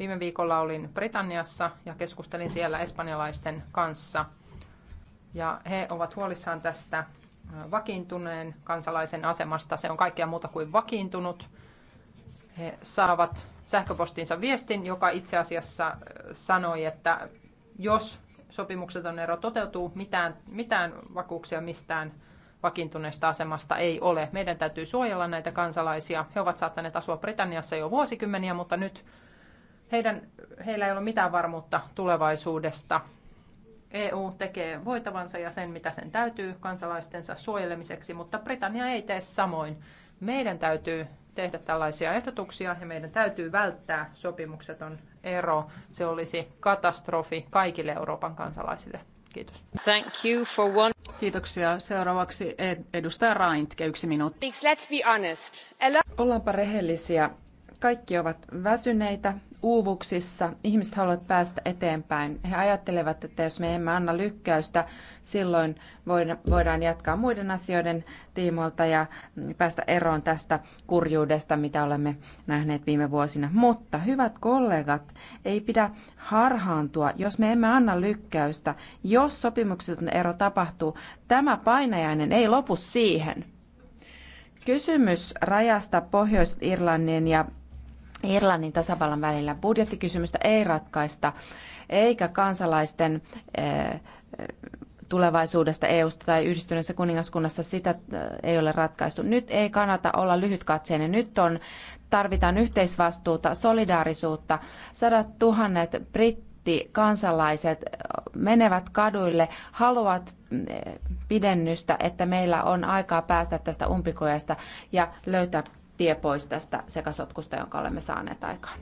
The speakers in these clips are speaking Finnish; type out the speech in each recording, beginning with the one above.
Viime viikolla olin Britanniassa ja keskustelin siellä espanjalaisten kanssa. Ja he ovat huolissaan tästä äh, vakiintuneen kansalaisen asemasta. Se on kaikkea muuta kuin vakiintunut. He saavat sähköpostinsa viestin, joka itse asiassa äh, sanoi, että jos sopimukseton ero toteutuu, mitään, mitään vakuuksia mistään vakiintuneesta asemasta ei ole. Meidän täytyy suojella näitä kansalaisia. He ovat saattaneet asua Britanniassa jo vuosikymmeniä, mutta nyt heidän, heillä ei ole mitään varmuutta tulevaisuudesta. EU tekee voitavansa ja sen, mitä sen täytyy kansalaistensa suojelemiseksi, mutta Britannia ei tee samoin. Meidän täytyy tehdä tällaisia ehdotuksia ja meidän täytyy välttää sopimukseton ero. Se olisi katastrofi kaikille Euroopan kansalaisille. Kiitos. Thank you for one... Kiitoksia. Seuraavaksi edustaja Raintke, yksi minuutti. Let's be honest. Ollaanpa rehellisiä. Kaikki ovat väsyneitä, uuvuksissa. Ihmiset haluavat päästä eteenpäin. He ajattelevat, että jos me emme anna lykkäystä, silloin voidaan jatkaa muiden asioiden tiimoilta ja päästä eroon tästä kurjuudesta, mitä olemme nähneet viime vuosina. Mutta hyvät kollegat, ei pidä harhaantua, jos me emme anna lykkäystä. Jos sopimukseton ero tapahtuu, tämä painajainen ei lopu siihen. Kysymys rajasta Pohjois-Irlannin ja Irlannin tasavallan välillä. Budjettikysymystä ei ratkaista, eikä kansalaisten eh, tulevaisuudesta EUsta tai yhdistyneessä kuningaskunnassa sitä eh, ei ole ratkaistu. Nyt ei kannata olla lyhytkatseinen. Nyt on, tarvitaan yhteisvastuuta, solidaarisuutta. Sadat tuhannet britti kansalaiset eh, menevät kaduille, haluavat pidennystä, että meillä on aikaa päästä tästä umpikojasta ja löytää tie pois tästä sekasotkusta, jonka olemme saaneet aikaan.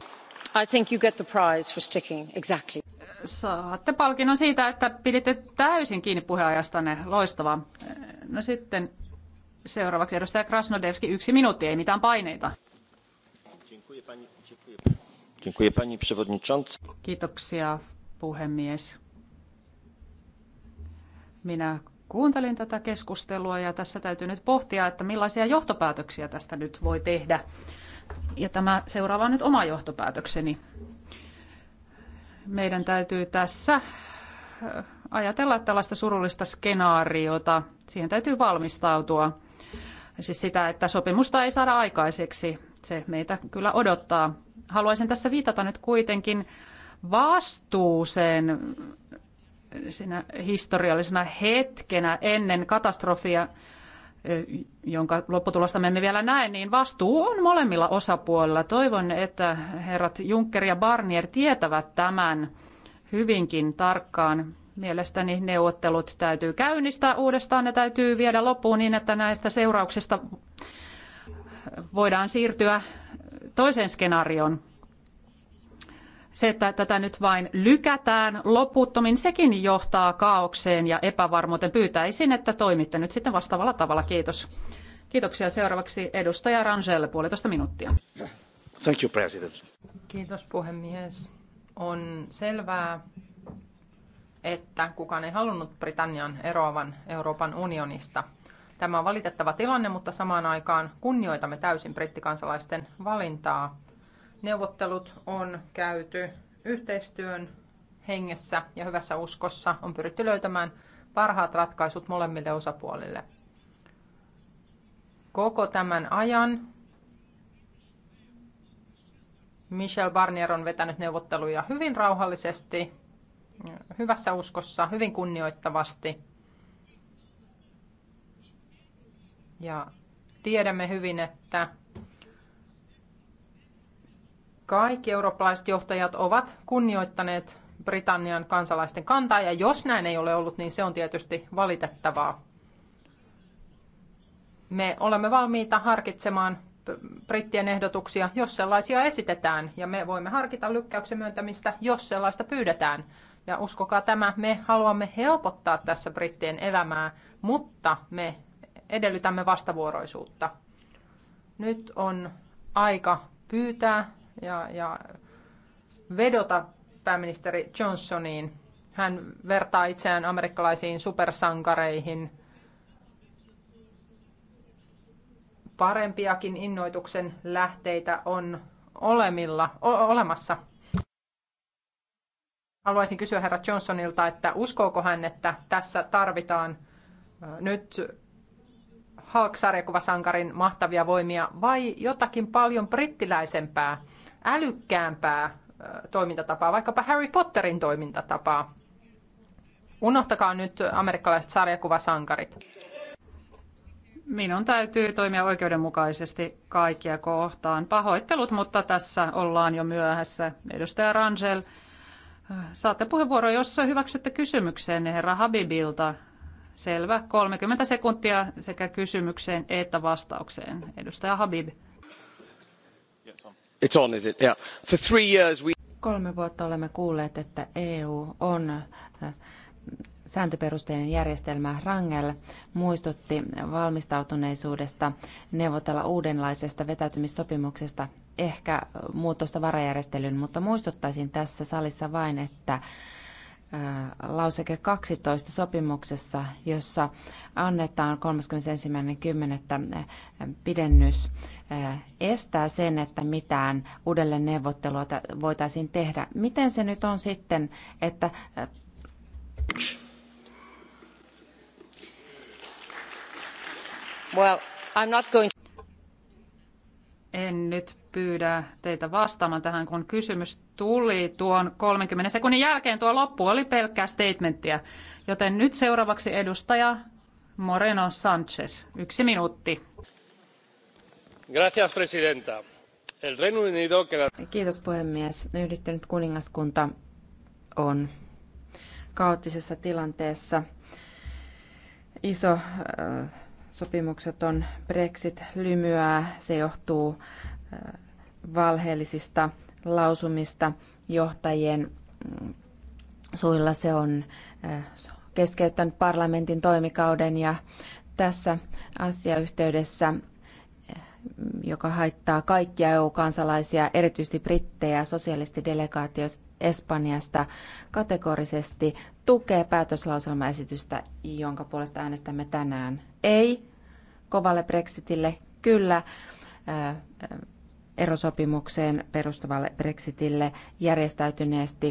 I think you get the prize for sticking exactly. Saatte palkinnon siitä, että piditte täysin kiinni puheajastanne. Loistavaa. No sitten seuraavaksi edustaja Krasnodevski. Yksi minuutti, ei mitään paineita. Kiitoksia, puhemies. Minä kuuntelin tätä keskustelua ja tässä täytyy nyt pohtia, että millaisia johtopäätöksiä tästä nyt voi tehdä. Ja tämä seuraava on nyt oma johtopäätökseni. Meidän täytyy tässä äh, ajatella tällaista surullista skenaariota. Siihen täytyy valmistautua. Siis sitä, että sopimusta ei saada aikaiseksi. Se meitä kyllä odottaa. Haluaisin tässä viitata nyt kuitenkin vastuuseen sinä historiallisena hetkenä ennen katastrofia, jonka lopputulosta me emme vielä näe, niin vastuu on molemmilla osapuolilla. Toivon, että herrat Juncker ja Barnier tietävät tämän hyvinkin tarkkaan. Mielestäni neuvottelut täytyy käynnistää uudestaan, ne täytyy viedä loppuun niin, että näistä seurauksista voidaan siirtyä toiseen skenaarioon. Se, että tätä nyt vain lykätään loputtomin, sekin johtaa kaaukseen ja epävarmuuteen. Pyytäisin, että toimitte nyt sitten vastaavalla tavalla. Kiitos. Kiitoksia. Seuraavaksi edustaja Rangel, puolitoista minuuttia. Thank you, President. Kiitos puhemies. On selvää, että kukaan ei halunnut Britannian eroavan Euroopan unionista. Tämä on valitettava tilanne, mutta samaan aikaan kunnioitamme täysin brittikansalaisten valintaa. Neuvottelut on käyty yhteistyön hengessä ja hyvässä uskossa. On pyritty löytämään parhaat ratkaisut molemmille osapuolille. Koko tämän ajan Michel Barnier on vetänyt neuvotteluja hyvin rauhallisesti, hyvässä uskossa, hyvin kunnioittavasti. Ja tiedämme hyvin, että kaikki eurooppalaiset johtajat ovat kunnioittaneet Britannian kansalaisten kantaa, ja jos näin ei ole ollut, niin se on tietysti valitettavaa. Me olemme valmiita harkitsemaan brittien ehdotuksia, jos sellaisia esitetään, ja me voimme harkita lykkäyksen myöntämistä, jos sellaista pyydetään. Ja uskokaa tämä, me haluamme helpottaa tässä brittien elämää, mutta me edellytämme vastavuoroisuutta. Nyt on aika pyytää ja, ja vedota pääministeri Johnsoniin. Hän vertaa itseään amerikkalaisiin supersankareihin. Parempiakin innoituksen lähteitä on olemilla, o- olemassa. Haluaisin kysyä herra Johnsonilta, että uskooko hän, että tässä tarvitaan nyt Hulk-sarjakuvasankarin mahtavia voimia vai jotakin paljon brittiläisempää – älykkäämpää toimintatapaa, vaikkapa Harry Potterin toimintatapaa. Unohtakaa nyt amerikkalaiset sarjakuvasankarit. Minun täytyy toimia oikeudenmukaisesti kaikkia kohtaan. Pahoittelut, mutta tässä ollaan jo myöhässä. Edustaja Rangel, saatte puheenvuoron, jos hyväksytte kysymykseen herra Habibilta. Selvä, 30 sekuntia sekä kysymykseen että vastaukseen. Edustaja Habib. Yes, on. Kolme vuotta olemme kuulleet, että EU on äh, sääntöperusteinen järjestelmä Rangel muistutti valmistautuneisuudesta neuvotella uudenlaisesta vetäytymissopimuksesta, ehkä muutosta varajärjestelyyn, mutta muistuttaisin tässä salissa vain, että lauseke 12 sopimuksessa, jossa annetaan 31.10. pidennys, estää sen, että mitään uudelleen neuvottelua voitaisiin tehdä. Miten se nyt on sitten, että... Well, I'm not going... En nyt pyydää teitä vastaamaan tähän, kun kysymys tuli tuon 30 sekunnin jälkeen. Tuo loppu oli pelkkää statementtia. Joten nyt seuraavaksi edustaja Moreno Sanchez. Yksi minuutti. Gracias, presidenta. El Reino Unido queda... Kiitos puhemies. Yhdistynyt kuningaskunta on kaoottisessa tilanteessa. Iso äh, sopimukset on Brexit lymyää, se johtuu valheellisista lausumista johtajien suilla. Se on keskeyttänyt parlamentin toimikauden ja tässä asiayhteydessä joka haittaa kaikkia EU-kansalaisia, erityisesti brittejä, sosialistidelegaatioista Espanjasta kategorisesti tukee päätöslauselmaesitystä, jonka puolesta äänestämme tänään. Ei kovalle Brexitille, kyllä erosopimukseen perustuvalle Brexitille järjestäytyneesti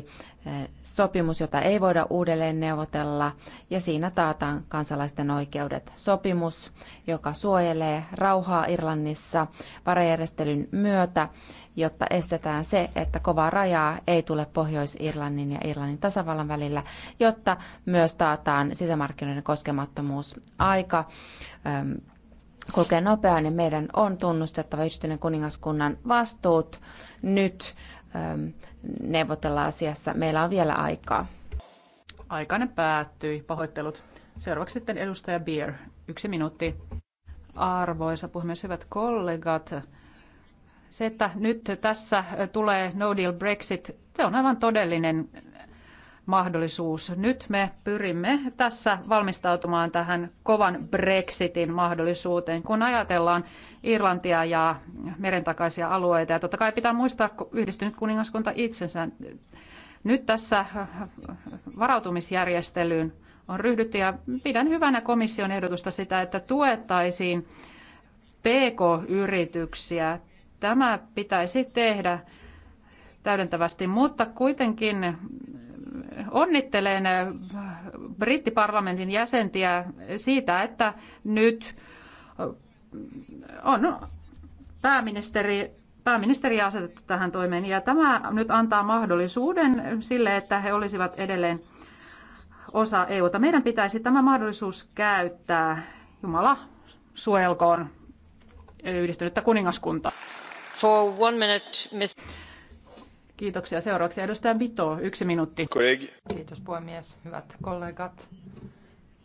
eh, sopimus, jota ei voida uudelleen neuvotella, ja siinä taataan kansalaisten oikeudet. Sopimus, joka suojelee rauhaa Irlannissa varajärjestelyn myötä, jotta estetään se, että kovaa rajaa ei tule Pohjois-Irlannin ja Irlannin tasavallan välillä, jotta myös taataan sisämarkkinoiden koskemattomuus. Aika ehm, kulkee nopeaa, niin meidän on tunnustettava yksityinen kuningaskunnan vastuut. Nyt ähm, neuvotella asiassa. Meillä on vielä aikaa. Aikainen päättyi. Pahoittelut. Seuraavaksi sitten edustaja Beer. Yksi minuutti. Arvoisa puhemies, hyvät kollegat. Se, että nyt tässä tulee no deal Brexit, se on aivan todellinen mahdollisuus. Nyt me pyrimme tässä valmistautumaan tähän kovan Brexitin mahdollisuuteen, kun ajatellaan Irlantia ja merentakaisia alueita. Ja totta kai pitää muistaa yhdistynyt kuningaskunta itsensä. Nyt tässä varautumisjärjestelyyn on ryhdytty ja pidän hyvänä komission ehdotusta sitä, että tuettaisiin PK-yrityksiä. Tämä pitäisi tehdä täydentävästi, mutta kuitenkin onnittelen äh, brittiparlamentin jäsentiä siitä, että nyt äh, on pääministeri, pääministeri asetettu tähän toimeen. Ja tämä nyt antaa mahdollisuuden sille, että he olisivat edelleen osa EUta. Meidän pitäisi tämä mahdollisuus käyttää. Jumala suojelkoon yhdistynyttä kuningaskuntaa. For one minute, Kiitoksia. Seuraavaksi edustaja Vito, yksi minuutti. Kollegi. Kiitos puhemies, hyvät kollegat.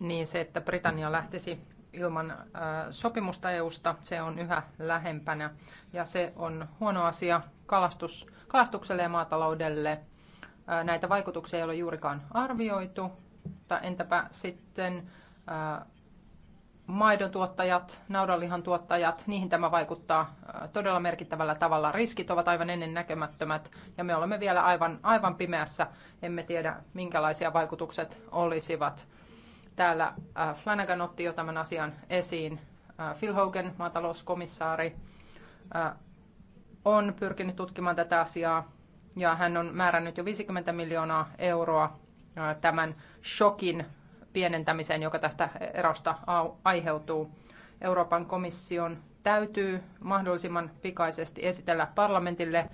Niin se, että Britannia lähtisi ilman äh, sopimusta EUsta, se on yhä lähempänä ja se on huono asia kalastus, kalastukselle ja maataloudelle. Äh, näitä vaikutuksia ei ole juurikaan arvioitu, entäpä sitten äh, maidon tuottajat, naudanlihan tuottajat, niihin tämä vaikuttaa todella merkittävällä tavalla. Riskit ovat aivan ennennäkemättömät ja me olemme vielä aivan, aivan pimeässä. Emme tiedä, minkälaisia vaikutukset olisivat. Täällä Flanagan otti jo tämän asian esiin. Phil Hogan, maatalouskomissaari, on pyrkinyt tutkimaan tätä asiaa ja hän on määrännyt jo 50 miljoonaa euroa tämän shokin pienentämiseen, joka tästä erosta aiheutuu. Euroopan komission täytyy mahdollisimman pikaisesti esitellä parlamentille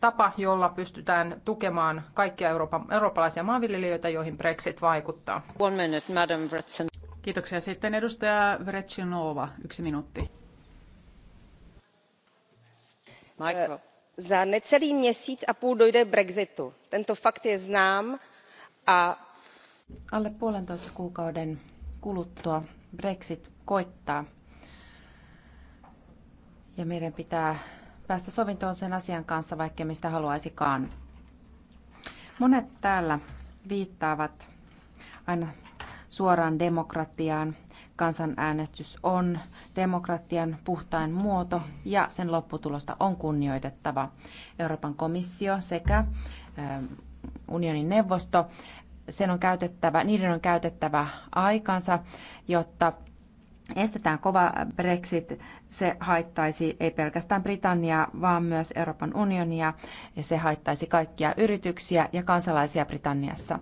tapa, jolla pystytään tukemaan kaikkia Euroopan, eurooppalaisia maanviljelijöitä, joihin Brexit vaikuttaa. One minute, Madam Bretson. Kiitoksia. Sitten edustaja Vretsinova, yksi minuutti. Mikro. Za necelý měsíc a půl dojde Brexitu. Tento fakt je znám a Alle puolentoista kuukauden kuluttua Brexit koittaa. Ja meidän pitää päästä sovintoon sen asian kanssa, vaikka mistä haluaisikaan. Monet täällä viittaavat aina suoraan demokratiaan. Kansanäänestys on demokratian puhtain muoto ja sen lopputulosta on kunnioitettava. Euroopan komissio sekä unionin neuvosto sen on käytettävä, niiden on käytettävä aikansa, jotta estetään kova Brexit. Se haittaisi ei pelkästään Britanniaa, vaan myös Euroopan unionia ja se haittaisi kaikkia yrityksiä ja kansalaisia Britanniassa.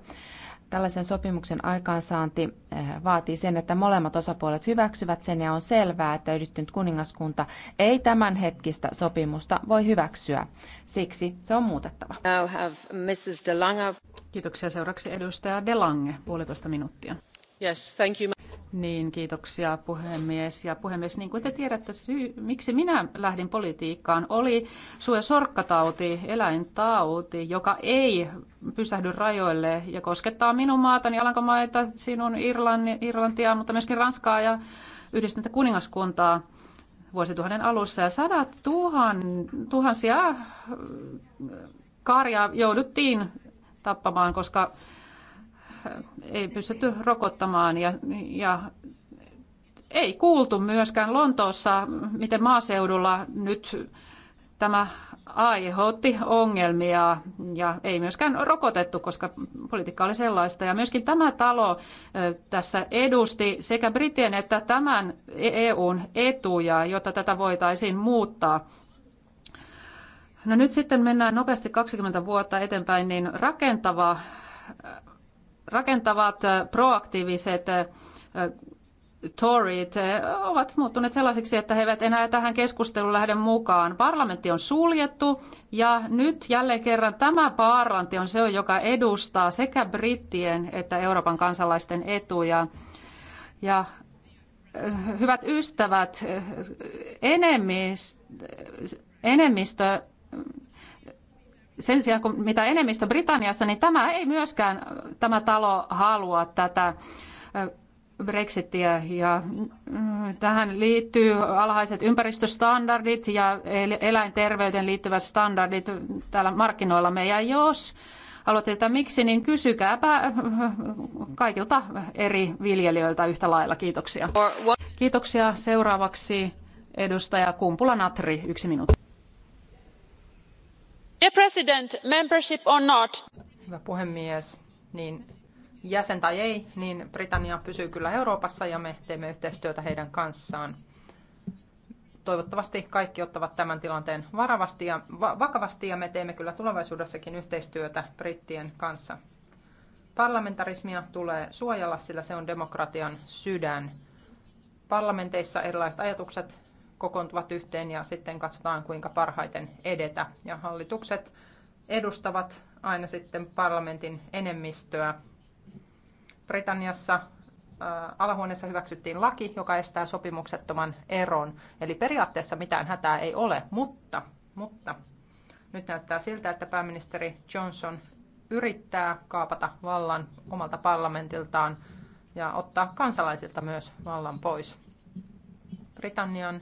Tällaisen sopimuksen aikaansaanti eh, vaatii sen, että molemmat osapuolet hyväksyvät sen ja on selvää, että yhdistynyt kuningaskunta ei tämänhetkistä sopimusta voi hyväksyä. Siksi se on muutettava. Now have Mrs. Kiitoksia seuraavaksi edustaja Delange puolitoista minuuttia. Yes, thank you. Niin, kiitoksia puhemies. Ja puhemies, niin kuin te tiedätte, syy, miksi minä lähdin politiikkaan, oli suoja sorkkatauti, eläintauti, joka ei pysähdy rajoille ja koskettaa minun maatani, Alankomaita, sinun Irlanti, Irlantia, mutta myöskin Ranskaa ja yhdistyntä kuningaskuntaa vuosituhannen alussa. Ja sadat tuhan, tuhansia karjaa jouduttiin tappamaan, koska ei pystytty rokottamaan ja, ja ei kuultu myöskään Lontoossa, miten maaseudulla nyt tämä aiheutti ongelmia ja ei myöskään rokotettu, koska politiikka oli sellaista. Ja myöskin tämä talo tässä edusti sekä Britien että tämän EUn etuja, jotta tätä voitaisiin muuttaa. No nyt sitten mennään nopeasti 20 vuotta eteenpäin, niin rakentava rakentavat proaktiiviset Torit ovat muuttuneet sellaisiksi, että he eivät enää tähän keskusteluun lähde mukaan. Parlamentti on suljettu ja nyt jälleen kerran tämä parlamentti on se, joka edustaa sekä brittien että Euroopan kansalaisten etuja. Ja hyvät ystävät, enemmistö, enemmistö sen sijaan, kun mitä enemmistö Britanniassa, niin tämä ei myöskään tämä talo halua tätä Brexitiä ja mm, tähän liittyy alhaiset ympäristöstandardit ja eläinterveyden liittyvät standardit täällä markkinoillamme. Ja jos haluatte että miksi, niin kysykääpä kaikilta eri viljelijöiltä yhtä lailla. Kiitoksia. Kiitoksia. Seuraavaksi edustaja Kumpula-Natri, yksi minuutti. Dear Hyvä puhemies, niin jäsen tai ei, niin Britannia pysyy kyllä Euroopassa ja me teemme yhteistyötä heidän kanssaan. Toivottavasti kaikki ottavat tämän tilanteen varavasti ja va- vakavasti ja me teemme kyllä tulevaisuudessakin yhteistyötä brittien kanssa. Parlamentarismia tulee suojella, sillä se on demokratian sydän. Parlamenteissa erilaiset ajatukset kokoontuvat yhteen ja sitten katsotaan, kuinka parhaiten edetä. Ja hallitukset edustavat aina sitten parlamentin enemmistöä. Britanniassa äh, alahuoneessa hyväksyttiin laki, joka estää sopimuksettoman eron. Eli periaatteessa mitään hätää ei ole, mutta, mutta nyt näyttää siltä, että pääministeri Johnson yrittää kaapata vallan omalta parlamentiltaan ja ottaa kansalaisilta myös vallan pois. Britannian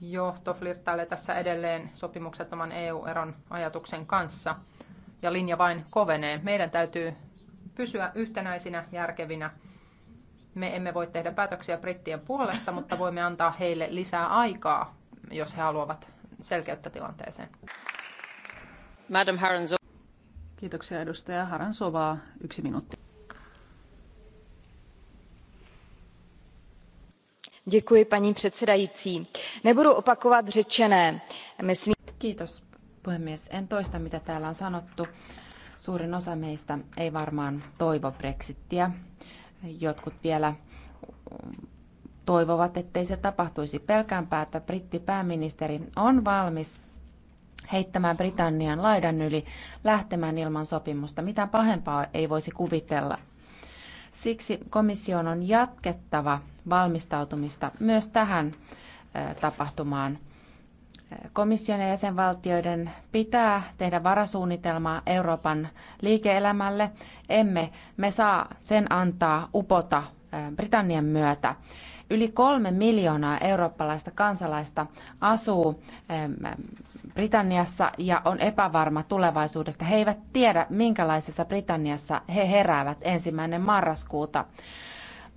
johto flirttailee tässä edelleen sopimuksettoman EU-eron ajatuksen kanssa ja linja vain kovenee. Meidän täytyy pysyä yhtenäisinä, järkevinä. Me emme voi tehdä päätöksiä brittien puolesta, mutta voimme antaa heille lisää aikaa, jos he haluavat selkeyttä tilanteeseen. Madam Kiitoksia edustaja Haransovaa. Yksi minuutti. paní předsedající nebudu opakovat řečené. kiitos puhemies en toista mitä täällä on sanottu. Suurin osa meistä ei varmaan toivo brexittiä. Jotkut vielä toivovat, ettei se tapahtuisi. Pelkäänpä, että Britti pääministeri on valmis heittämään Britannian laidan yli, lähtemään ilman sopimusta. Mitä pahempaa ei voisi kuvitella. Siksi komission on jatkettava valmistautumista myös tähän tapahtumaan. Komission ja jäsenvaltioiden pitää tehdä varasuunnitelmaa Euroopan liike-elämälle. Emme me saa sen antaa upota Britannian myötä. Yli kolme miljoonaa eurooppalaista kansalaista asuu Britanniassa ja on epävarma tulevaisuudesta. He eivät tiedä, minkälaisessa Britanniassa he heräävät ensimmäinen marraskuuta.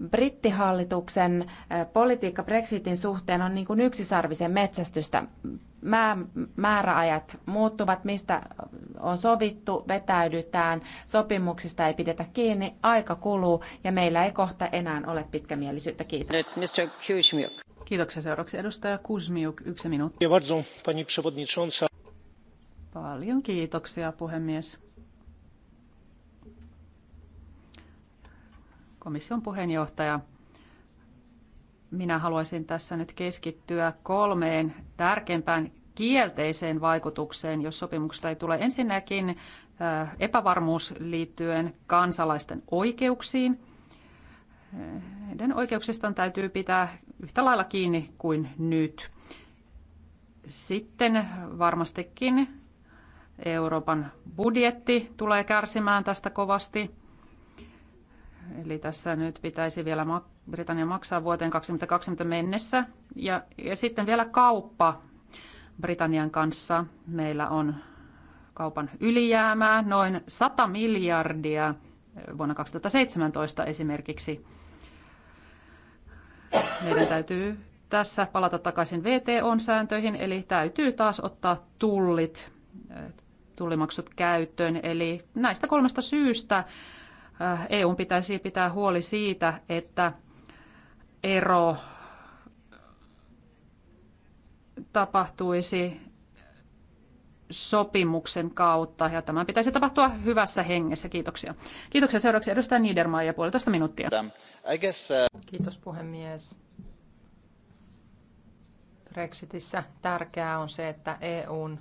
Brittihallituksen eh, politiikka Brexitin suhteen on niin kuin yksisarvisen metsästystä. Mä, määräajat muuttuvat, mistä on sovittu, vetäydytään, sopimuksista ei pidetä kiinni, aika kuluu ja meillä ei kohta enää ole pitkämielisyyttä. Kiitos. Nyt Mr. Kuzmiuk. Kiitoksia seuraavaksi edustaja Kuzmiuk, yksi minuutti. Paljon kiitoksia puhemies. Komission puheenjohtaja, minä haluaisin tässä nyt keskittyä kolmeen tärkeimpään kielteiseen vaikutukseen, jos sopimuksesta ei tule ensinnäkin äh, epävarmuus liittyen kansalaisten oikeuksiin. Heidän oikeuksistaan täytyy pitää yhtä lailla kiinni kuin nyt. Sitten varmastikin Euroopan budjetti tulee kärsimään tästä kovasti. Eli tässä nyt pitäisi vielä Britannia maksaa vuoteen 2020 mennessä. Ja, ja sitten vielä kauppa Britannian kanssa. Meillä on kaupan ylijäämää noin 100 miljardia vuonna 2017 esimerkiksi. Meidän täytyy tässä palata takaisin VTO-sääntöihin, eli täytyy taas ottaa tullit, äh, tullimaksut käyttöön. Eli näistä kolmesta syystä äh, EU pitäisi pitää huoli siitä, että ero tapahtuisi sopimuksen kautta, ja tämän pitäisi tapahtua hyvässä hengessä. Kiitoksia. Kiitoksia seuraavaksi edustaja Niedermaa ja puolitoista minuuttia. Uh, Kiitos puhemies. Brexitissä tärkeää on se, että EUn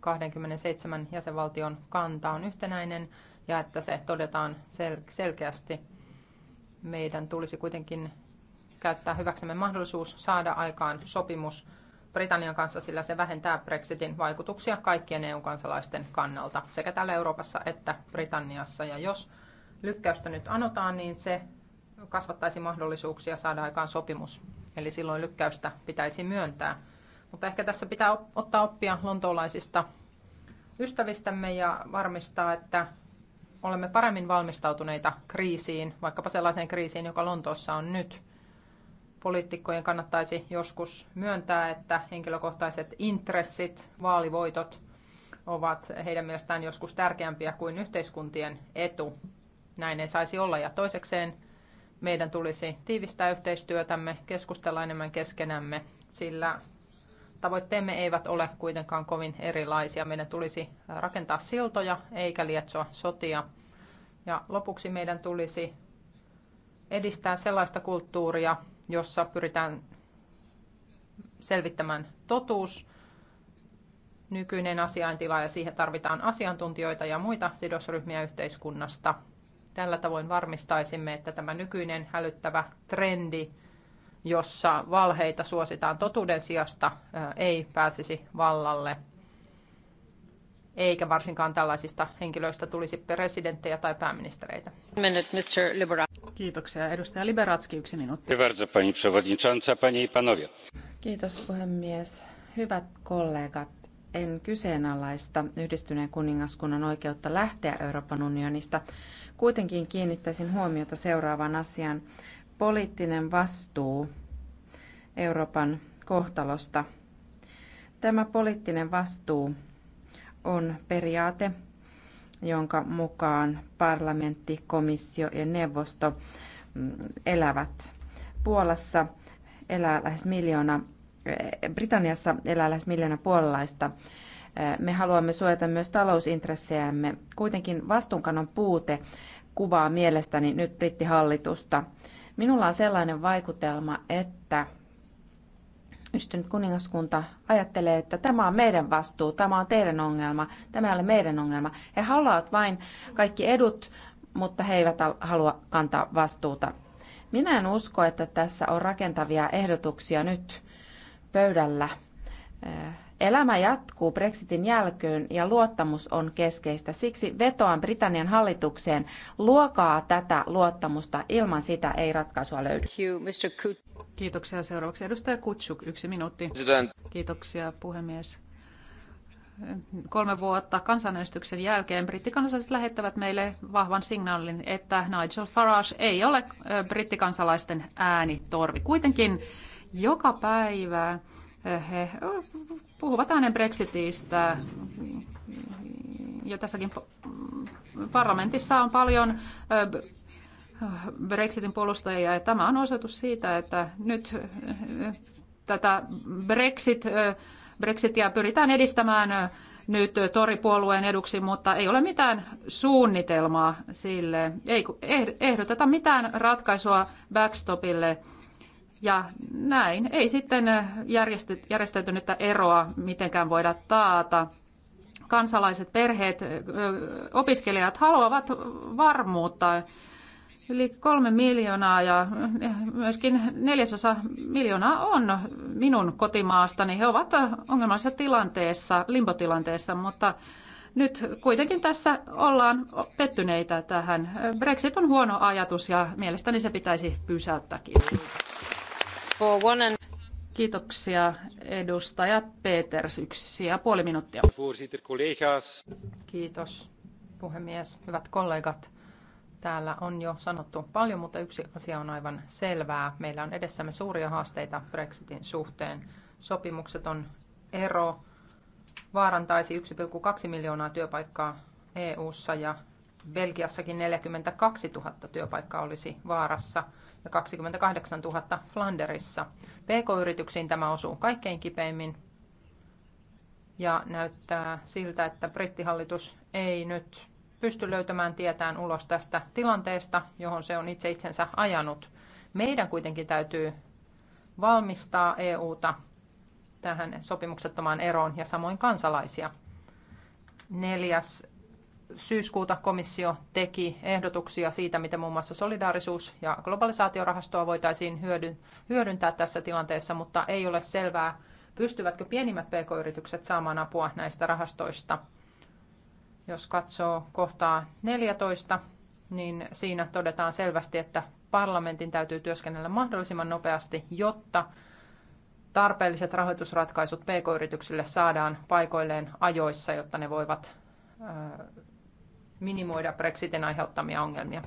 27 jäsenvaltion kanta on yhtenäinen ja että se todetaan sel- selkeästi. Meidän tulisi kuitenkin käyttää hyväksemme mahdollisuus saada aikaan sopimus Britannian kanssa, sillä se vähentää Brexitin vaikutuksia kaikkien EU-kansalaisten kannalta sekä täällä Euroopassa että Britanniassa. Ja jos lykkäystä nyt anotaan, niin se kasvattaisi mahdollisuuksia saada aikaan sopimus. Eli silloin lykkäystä pitäisi myöntää. Mutta ehkä tässä pitää ottaa oppia lontoolaisista ystävistämme ja varmistaa, että olemme paremmin valmistautuneita kriisiin, vaikkapa sellaiseen kriisiin, joka Lontoossa on nyt – poliitikkojen kannattaisi joskus myöntää, että henkilökohtaiset intressit, vaalivoitot ovat heidän mielestään joskus tärkeämpiä kuin yhteiskuntien etu. Näin ei saisi olla. Ja toisekseen meidän tulisi tiivistää yhteistyötämme, keskustella enemmän keskenämme, sillä tavoitteemme eivät ole kuitenkaan kovin erilaisia. Meidän tulisi rakentaa siltoja eikä lietsoa sotia. Ja lopuksi meidän tulisi edistää sellaista kulttuuria, jossa pyritään selvittämään totuus, nykyinen asiaintila ja siihen tarvitaan asiantuntijoita ja muita sidosryhmiä yhteiskunnasta. Tällä tavoin varmistaisimme, että tämä nykyinen hälyttävä trendi, jossa valheita suositaan totuuden sijasta, ei pääsisi vallalle. Eikä varsinkaan tällaisista henkilöistä tulisi presidenttejä tai pääministereitä. Minute, Mr. Libera. Kiitoksia. Kiitos puhemies. Hyvät kollegat, en kyseenalaista yhdistyneen kuningaskunnan oikeutta lähteä Euroopan unionista. Kuitenkin kiinnittäisin huomiota seuraavaan asiaan. Poliittinen vastuu Euroopan kohtalosta. Tämä poliittinen vastuu on periaate, jonka mukaan parlamentti, komissio ja neuvosto mm, elävät. Puolassa elää lähes miljoona, eh, Britanniassa elää lähes miljoona puolalaista. Eh, me haluamme suojata myös talousintressejämme. Kuitenkin vastuunkannon puute kuvaa mielestäni nyt brittihallitusta. Minulla on sellainen vaikutelma, että Yhdistynyt kuningaskunta ajattelee, että tämä on meidän vastuu, tämä on teidän ongelma, tämä ei ole meidän ongelma. He haluavat vain kaikki edut, mutta he eivät halua kantaa vastuuta. Minä en usko, että tässä on rakentavia ehdotuksia nyt pöydällä. Äh, elämä jatkuu Brexitin jälkeen ja luottamus on keskeistä. Siksi vetoan Britannian hallitukseen. Luokaa tätä luottamusta. Ilman sitä ei ratkaisua löydy. Kiitoksia. Seuraavaksi edustaja Kutsuk, yksi minuutti. Kiitoksia, puhemies kolme vuotta kansanäänestyksen jälkeen brittikansalaiset lähettävät meille vahvan signaalin, että Nigel Farage ei ole brittikansalaisten äänitorvi. Kuitenkin joka päivä he puhuvat äänen Brexitistä ja tässäkin parlamentissa on paljon Brexitin puolustajia. Ja tämä on osoitus siitä, että nyt äh, tätä Brexit, äh, Brexitia pyritään edistämään äh, nyt toripuolueen eduksi, mutta ei ole mitään suunnitelmaa sille. Ei eh- ehdoteta mitään ratkaisua backstopille. Ja näin ei sitten järjestäytynyttä eroa mitenkään voida taata. Kansalaiset, perheet, opiskelijat haluavat varmuutta Yli kolme miljoonaa ja eh, myöskin neljäsosa miljoonaa on minun kotimaastani. He ovat ongelmallisessa tilanteessa, limpotilanteessa, mutta nyt kuitenkin tässä ollaan pettyneitä tähän. Brexit on huono ajatus ja mielestäni se pitäisi pysäyttääkin. Kiitoksia edustaja Peters, yksi ja puoli minuuttia. Kiitos puhemies, hyvät kollegat. Täällä on jo sanottu paljon, mutta yksi asia on aivan selvää. Meillä on edessämme suuria haasteita Brexitin suhteen. Sopimukseton ero vaarantaisi 1,2 miljoonaa työpaikkaa EU:ssa ja Belgiassakin 42 000 työpaikkaa olisi vaarassa ja 28 000 Flanderissa. PK-yrityksiin tämä osuu kaikkein kipeimmin ja näyttää siltä, että brittihallitus ei nyt pysty löytämään tietään ulos tästä tilanteesta, johon se on itse itsensä ajanut. Meidän kuitenkin täytyy valmistaa EUta tähän sopimuksettomaan eroon ja samoin kansalaisia. 4. syyskuuta komissio teki ehdotuksia siitä, miten muun muassa solidaarisuus- ja globalisaatiorahastoa voitaisiin hyödyntää tässä tilanteessa, mutta ei ole selvää, pystyvätkö pienimmät pk-yritykset saamaan apua näistä rahastoista – jos katsoo kohtaa 14, niin siinä todetaan selvästi, että parlamentin täytyy työskennellä mahdollisimman nopeasti, jotta tarpeelliset rahoitusratkaisut pk-yrityksille saadaan paikoilleen ajoissa, jotta ne voivat minimoida Brexitin aiheuttamia ongelmia.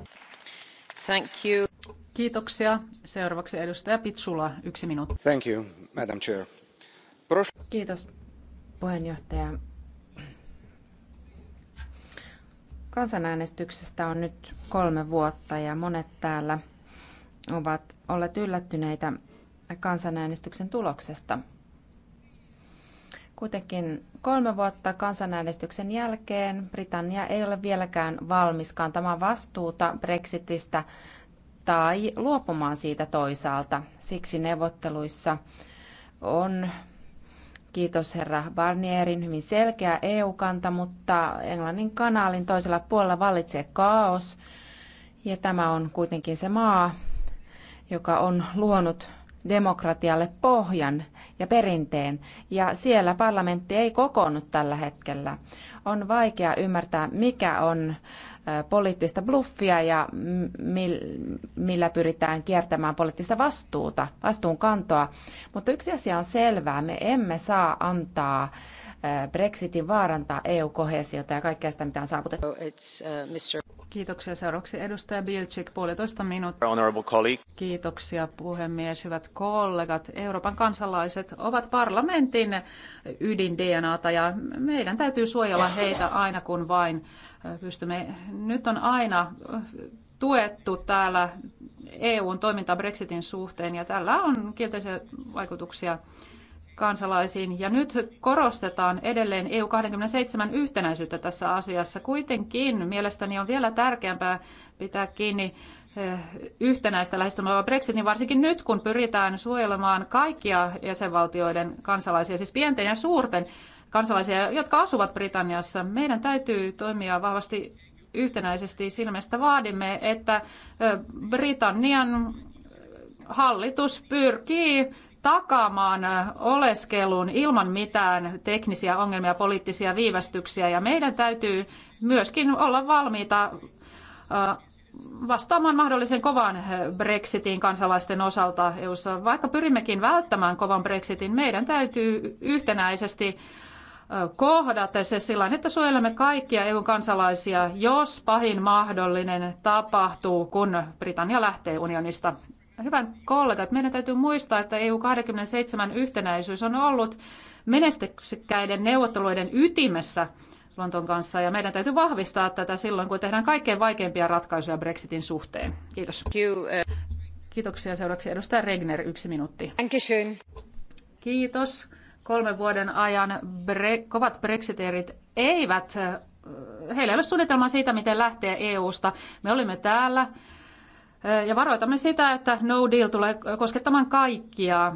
Thank you. Kiitoksia. Seuraavaksi edustaja Pitsula, yksi minuutti. Thank you, Madam Chair. Kiitos, puheenjohtaja. Kansanäänestyksestä on nyt kolme vuotta ja monet täällä ovat olleet yllättyneitä kansanäänestyksen tuloksesta. Kuitenkin kolme vuotta kansanäänestyksen jälkeen Britannia ei ole vieläkään valmis kantamaan vastuuta Brexitistä tai luopumaan siitä toisaalta. Siksi neuvotteluissa on Kiitos herra Barnierin hyvin selkeä EU-kanta, mutta Englannin kanaalin toisella puolella vallitsee kaos. Ja tämä on kuitenkin se maa, joka on luonut demokratialle pohjan ja perinteen, ja siellä parlamentti ei kokoonnut tällä hetkellä. On vaikea ymmärtää, mikä on poliittista bluffia ja millä pyritään kiertämään poliittista vastuuta, vastuunkantoa. Mutta yksi asia on selvää, me emme saa antaa Brexitin vaarantaa EU-kohesiota ja kaikkea sitä, mitä on saavutettu. Kiitoksia. Seuraavaksi edustaja Bilcik, puolitoista minuuttia. Kiitoksia puhemies, hyvät kollegat. Euroopan kansalaiset ovat parlamentin ydin DNAta ja meidän täytyy suojella heitä aina kun vain pystymme. Nyt on aina tuettu täällä EUn toimintaa Brexitin suhteen ja tällä on kielteisiä vaikutuksia kansalaisiin. Ja nyt korostetaan edelleen EU-27 yhtenäisyyttä tässä asiassa. Kuitenkin mielestäni on vielä tärkeämpää pitää kiinni eh, yhtenäistä lähestymistapaa Brexitin varsinkin nyt, kun pyritään suojelemaan kaikkia jäsenvaltioiden kansalaisia, siis pienten ja suurten kansalaisia, jotka asuvat Britanniassa, meidän täytyy toimia vahvasti yhtenäisesti. Silmestä vaadimme, että eh, Britannian eh, hallitus pyrkii takaamaan oleskelun ilman mitään teknisiä ongelmia, poliittisia viivästyksiä ja meidän täytyy myöskin olla valmiita vastaamaan mahdollisen kovan Brexitin kansalaisten osalta EUssa. Vaikka pyrimmekin välttämään kovan Brexitin, meidän täytyy yhtenäisesti kohdata se sillä että suojelemme kaikkia eu kansalaisia, jos pahin mahdollinen tapahtuu, kun Britannia lähtee unionista. Hyvän kollegat, meidän täytyy muistaa, että EU-27 yhtenäisyys on ollut menestyksekkäiden neuvotteluiden ytimessä Lontoon kanssa ja meidän täytyy vahvistaa tätä silloin, kun tehdään kaikkein vaikeimpia ratkaisuja Brexitin suhteen. Kiitos. Uh, Kiitoksia. Seuraavaksi edustaja Regner, yksi minuutti. Kiitos. Kolmen vuoden ajan bre- kovat brexiteerit eivät, uh, heillä ei ole suunnitelmaa siitä, miten lähtee EU-sta. Me olimme täällä ja varoitamme sitä, että no deal tulee koskettamaan kaikkia.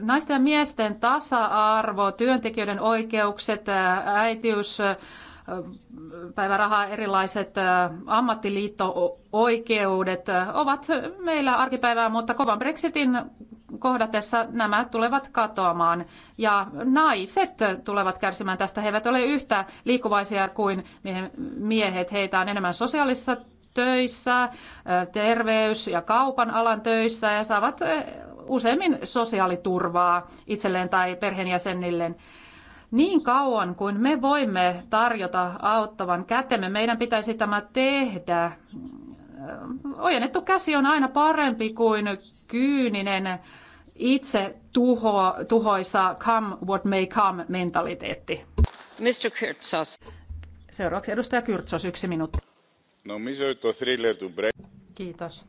Naisten ja miesten tasa-arvo, työntekijöiden oikeukset, äitiys, päiväraha, erilaiset ammattiliitto-oikeudet ovat meillä arkipäivää, mutta kovan Brexitin kohdatessa nämä tulevat katoamaan ja naiset tulevat kärsimään tästä. He eivät ole yhtä liikkuvaisia kuin miehet. Heitä on enemmän sosiaalisissa töissä, terveys- ja kaupan alan töissä ja saavat useimmin sosiaaliturvaa itselleen tai perheenjäsenilleen. Niin kauan kuin me voimme tarjota auttavan kätemme, meidän pitäisi tämä tehdä. Ojennettu käsi on aina parempi kuin kyyninen itse tuho, tuhoisa come what may come mentaliteetti. Mr. Kyrtsos. Seuraavaksi edustaja Kyrtsos, yksi minuutti Νομίζω το thriller του Brexit. Kiitos.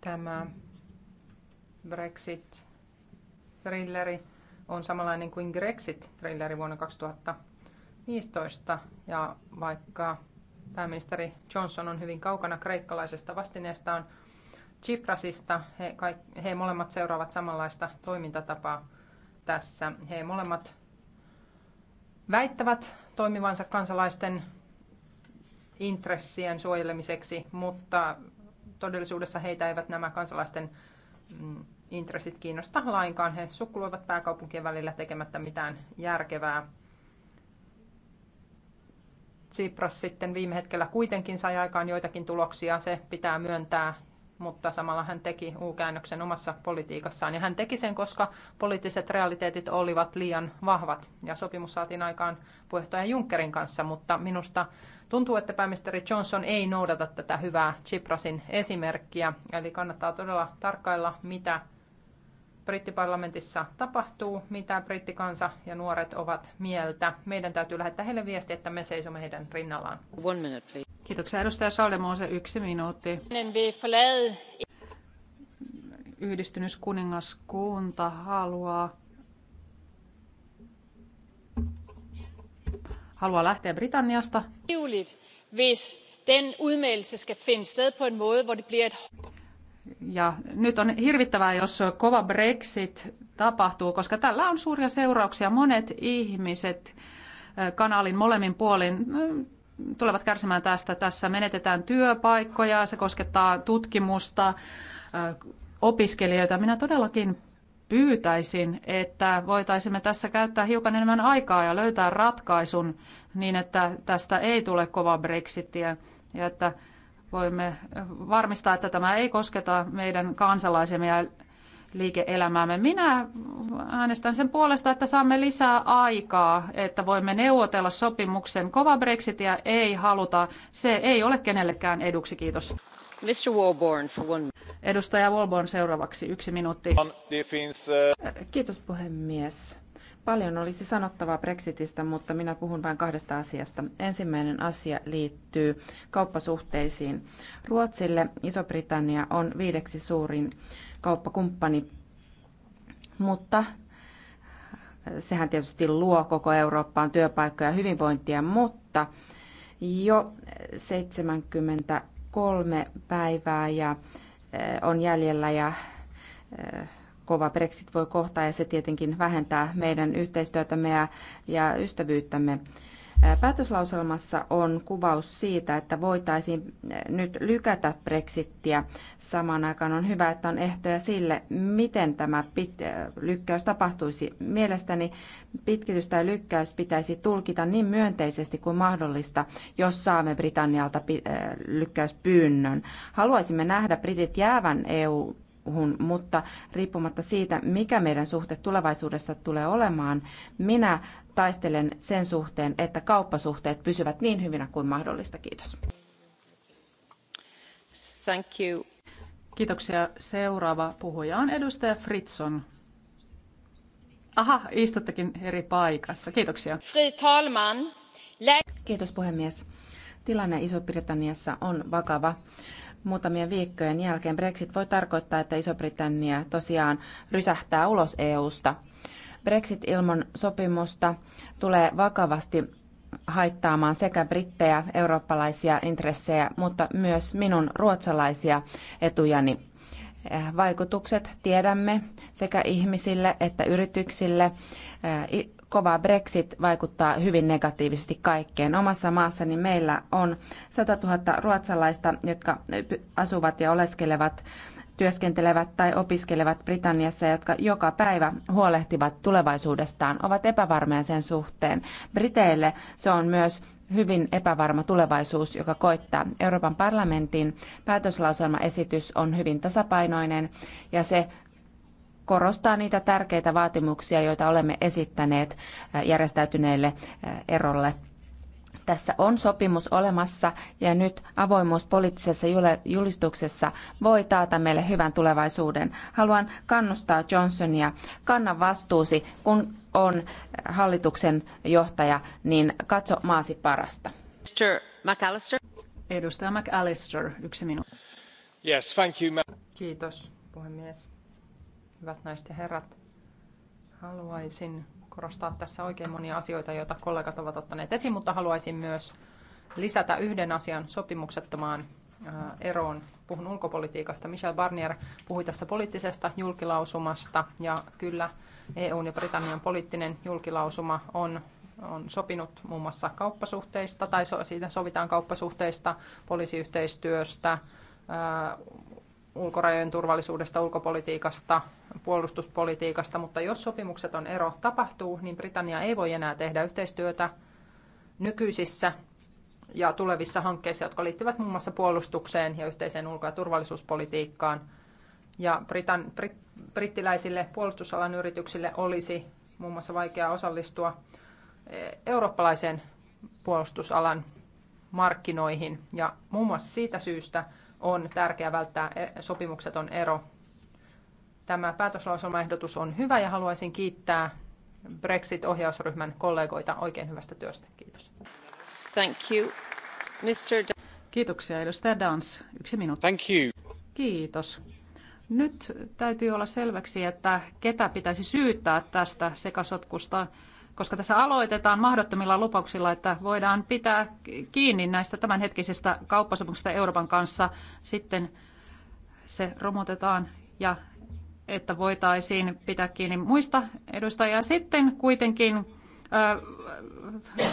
Tämä Brexit-thrilleri on samanlainen kuin Grexit-thrilleri vuonna 2015. Ja vaikka pääministeri Johnson on hyvin kaukana kreikkalaisesta vastineestaan Tsiprasista, he, he molemmat seuraavat samanlaista toimintatapaa tässä. He molemmat väittävät toimivansa kansalaisten intressien suojelemiseksi, mutta todellisuudessa heitä eivät nämä kansalaisten mm, intressit kiinnosta lainkaan. He sukkuloivat pääkaupunkien välillä tekemättä mitään järkevää. Tsipras sitten viime hetkellä kuitenkin sai aikaan joitakin tuloksia, se pitää myöntää, mutta samalla hän teki uukäännöksen omassa politiikassaan. Ja hän teki sen, koska poliittiset realiteetit olivat liian vahvat. Ja sopimus saatiin aikaan puheenjohtaja Junckerin kanssa, mutta minusta Tuntuu, että pääministeri Johnson ei noudata tätä hyvää Tsiprasin esimerkkiä, eli kannattaa todella tarkkailla, mitä brittiparlamentissa tapahtuu, mitä brittikansa ja nuoret ovat mieltä. Meidän täytyy lähettää heille viesti, että me seisomme heidän rinnallaan. One minute, please. Kiitoksia edustaja Saldemose, yksi minuutti. Yhdistynyt haluaa haluaa lähteä Britanniasta. Ja nyt on hirvittävää, jos kova Brexit tapahtuu, koska tällä on suuria seurauksia. Monet ihmiset kanaalin molemmin puolin tulevat kärsimään tästä. Tässä menetetään työpaikkoja, se koskettaa tutkimusta, opiskelijoita. Minä todellakin pyytäisin, että voitaisimme tässä käyttää hiukan enemmän aikaa ja löytää ratkaisun niin, että tästä ei tule kova brexittiä ja että voimme varmistaa, että tämä ei kosketa meidän kansalaisemme ja liike-elämäämme. Minä äänestän sen puolesta, että saamme lisää aikaa, että voimme neuvotella sopimuksen. Kova brexitiä ei haluta. Se ei ole kenellekään eduksi. Kiitos. Edustaja Walborn seuraavaksi, yksi minuutti. Uh, Kiitos puhemies. Paljon olisi sanottavaa Brexitistä, mutta minä puhun vain kahdesta asiasta. Ensimmäinen asia liittyy kauppasuhteisiin. Ruotsille Iso-Britannia on viideksi suurin kauppakumppani, mutta sehän tietysti luo koko Eurooppaan työpaikkoja ja hyvinvointia, mutta jo 70 kolme päivää ja eh, on jäljellä ja eh, kova Brexit voi kohtaa ja se tietenkin vähentää meidän yhteistyötämme ja, ja ystävyyttämme. Päätöslauselmassa on kuvaus siitä, että voitaisiin nyt lykätä brexittiä. Samaan aikaan on hyvä, että on ehtoja sille, miten tämä pit- lykkäys tapahtuisi. Mielestäni pitkitys tai lykkäys pitäisi tulkita niin myönteisesti kuin mahdollista, jos saamme Britannialta lykkäyspyynnön. Haluaisimme nähdä britit jäävän EU EU-hun, mutta riippumatta siitä, mikä meidän suhte tulevaisuudessa tulee olemaan, minä taistelen sen suhteen, että kauppasuhteet pysyvät niin hyvinä kuin mahdollista. Kiitos. Thank you. Kiitoksia. Seuraava puhuja on edustaja Fritson. Aha, istuttekin eri paikassa. Kiitoksia. Fru talman. Kiitos puhemies. Tilanne Iso-Britanniassa on vakava muutamien viikkojen jälkeen Brexit voi tarkoittaa, että Iso-Britannia tosiaan rysähtää ulos EUsta. Brexit ilman sopimusta tulee vakavasti haittaamaan sekä brittejä, eurooppalaisia intressejä, mutta myös minun ruotsalaisia etujani. Vaikutukset tiedämme sekä ihmisille että yrityksille kova Brexit vaikuttaa hyvin negatiivisesti kaikkeen. Omassa maassani meillä on 100 000 ruotsalaista, jotka asuvat ja oleskelevat työskentelevät tai opiskelevat Britanniassa, jotka joka päivä huolehtivat tulevaisuudestaan, ovat epävarmoja sen suhteen. Briteille se on myös hyvin epävarma tulevaisuus, joka koittaa. Euroopan parlamentin päätöslauselmaesitys on hyvin tasapainoinen ja se korostaa niitä tärkeitä vaatimuksia, joita olemme esittäneet äh, järjestäytyneille äh, erolle tässä on sopimus olemassa ja nyt avoimuus poliittisessa julistuksessa voi taata meille hyvän tulevaisuuden. Haluan kannustaa Johnsonia, kanna vastuusi, kun on hallituksen johtaja, niin katso maasi parasta. Mr. McAllister. Edustaja McAllister, yksi minuutti. Yes, thank you, ma- Kiitos, puhemies. Hyvät naiset ja herrat, haluaisin korostaa tässä oikein monia asioita, joita kollegat ovat ottaneet esiin, mutta haluaisin myös lisätä yhden asian sopimuksettomaan eroon. Puhun ulkopolitiikasta. Michel Barnier puhui tässä poliittisesta julkilausumasta ja kyllä EUn ja Britannian poliittinen julkilausuma on on sopinut muun muassa kauppasuhteista, tai siitä sovitaan kauppasuhteista, poliisiyhteistyöstä, ulkorajojen turvallisuudesta, ulkopolitiikasta, puolustuspolitiikasta, mutta jos sopimukset on ero tapahtuu, niin Britannia ei voi enää tehdä yhteistyötä nykyisissä ja tulevissa hankkeissa, jotka liittyvät muun mm. muassa puolustukseen ja yhteiseen ulko- ja turvallisuuspolitiikkaan. Ja Britan, brit, brittiläisille puolustusalan yrityksille olisi muun mm. muassa vaikea osallistua e, eurooppalaisen puolustusalan markkinoihin. Ja muun mm. muassa siitä syystä on tärkeää välttää e- sopimukseton ero. Tämä päätöslauselmaehdotus on hyvä ja haluaisin kiittää Brexit-ohjausryhmän kollegoita oikein hyvästä työstä. Kiitos. Thank you. Mr. Kiitoksia edustaja Dans. Yksi minuutti. Thank you. Kiitos. Nyt täytyy olla selväksi, että ketä pitäisi syyttää tästä sekasotkusta koska tässä aloitetaan mahdottomilla lupauksilla, että voidaan pitää kiinni näistä tämänhetkisistä kauppasopimuksista Euroopan kanssa, sitten se romutetaan ja että voitaisiin pitää kiinni muista edustajia. sitten kuitenkin äh,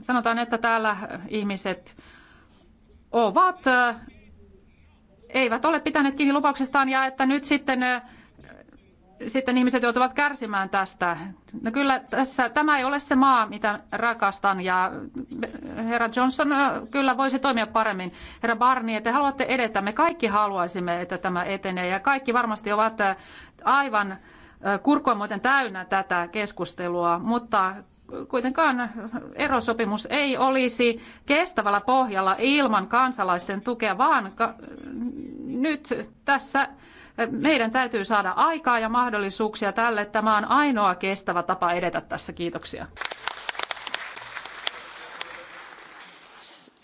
sanotaan, että täällä ihmiset ovat, äh, eivät ole pitäneet kiinni lupauksestaan ja että nyt sitten äh, sitten ihmiset joutuvat kärsimään tästä. No kyllä tässä, tämä ei ole se maa, mitä rakastan ja herra Johnson kyllä voisi toimia paremmin. Herra Barni, te haluatte edetä. Me kaikki haluaisimme, että tämä etenee ja kaikki varmasti ovat aivan kurkua muuten täynnä tätä keskustelua, mutta kuitenkaan erosopimus ei olisi kestävällä pohjalla ilman kansalaisten tukea, vaan nyt tässä meidän täytyy saada aikaa ja mahdollisuuksia tälle. Tämä on ainoa kestävä tapa edetä tässä. Kiitoksia.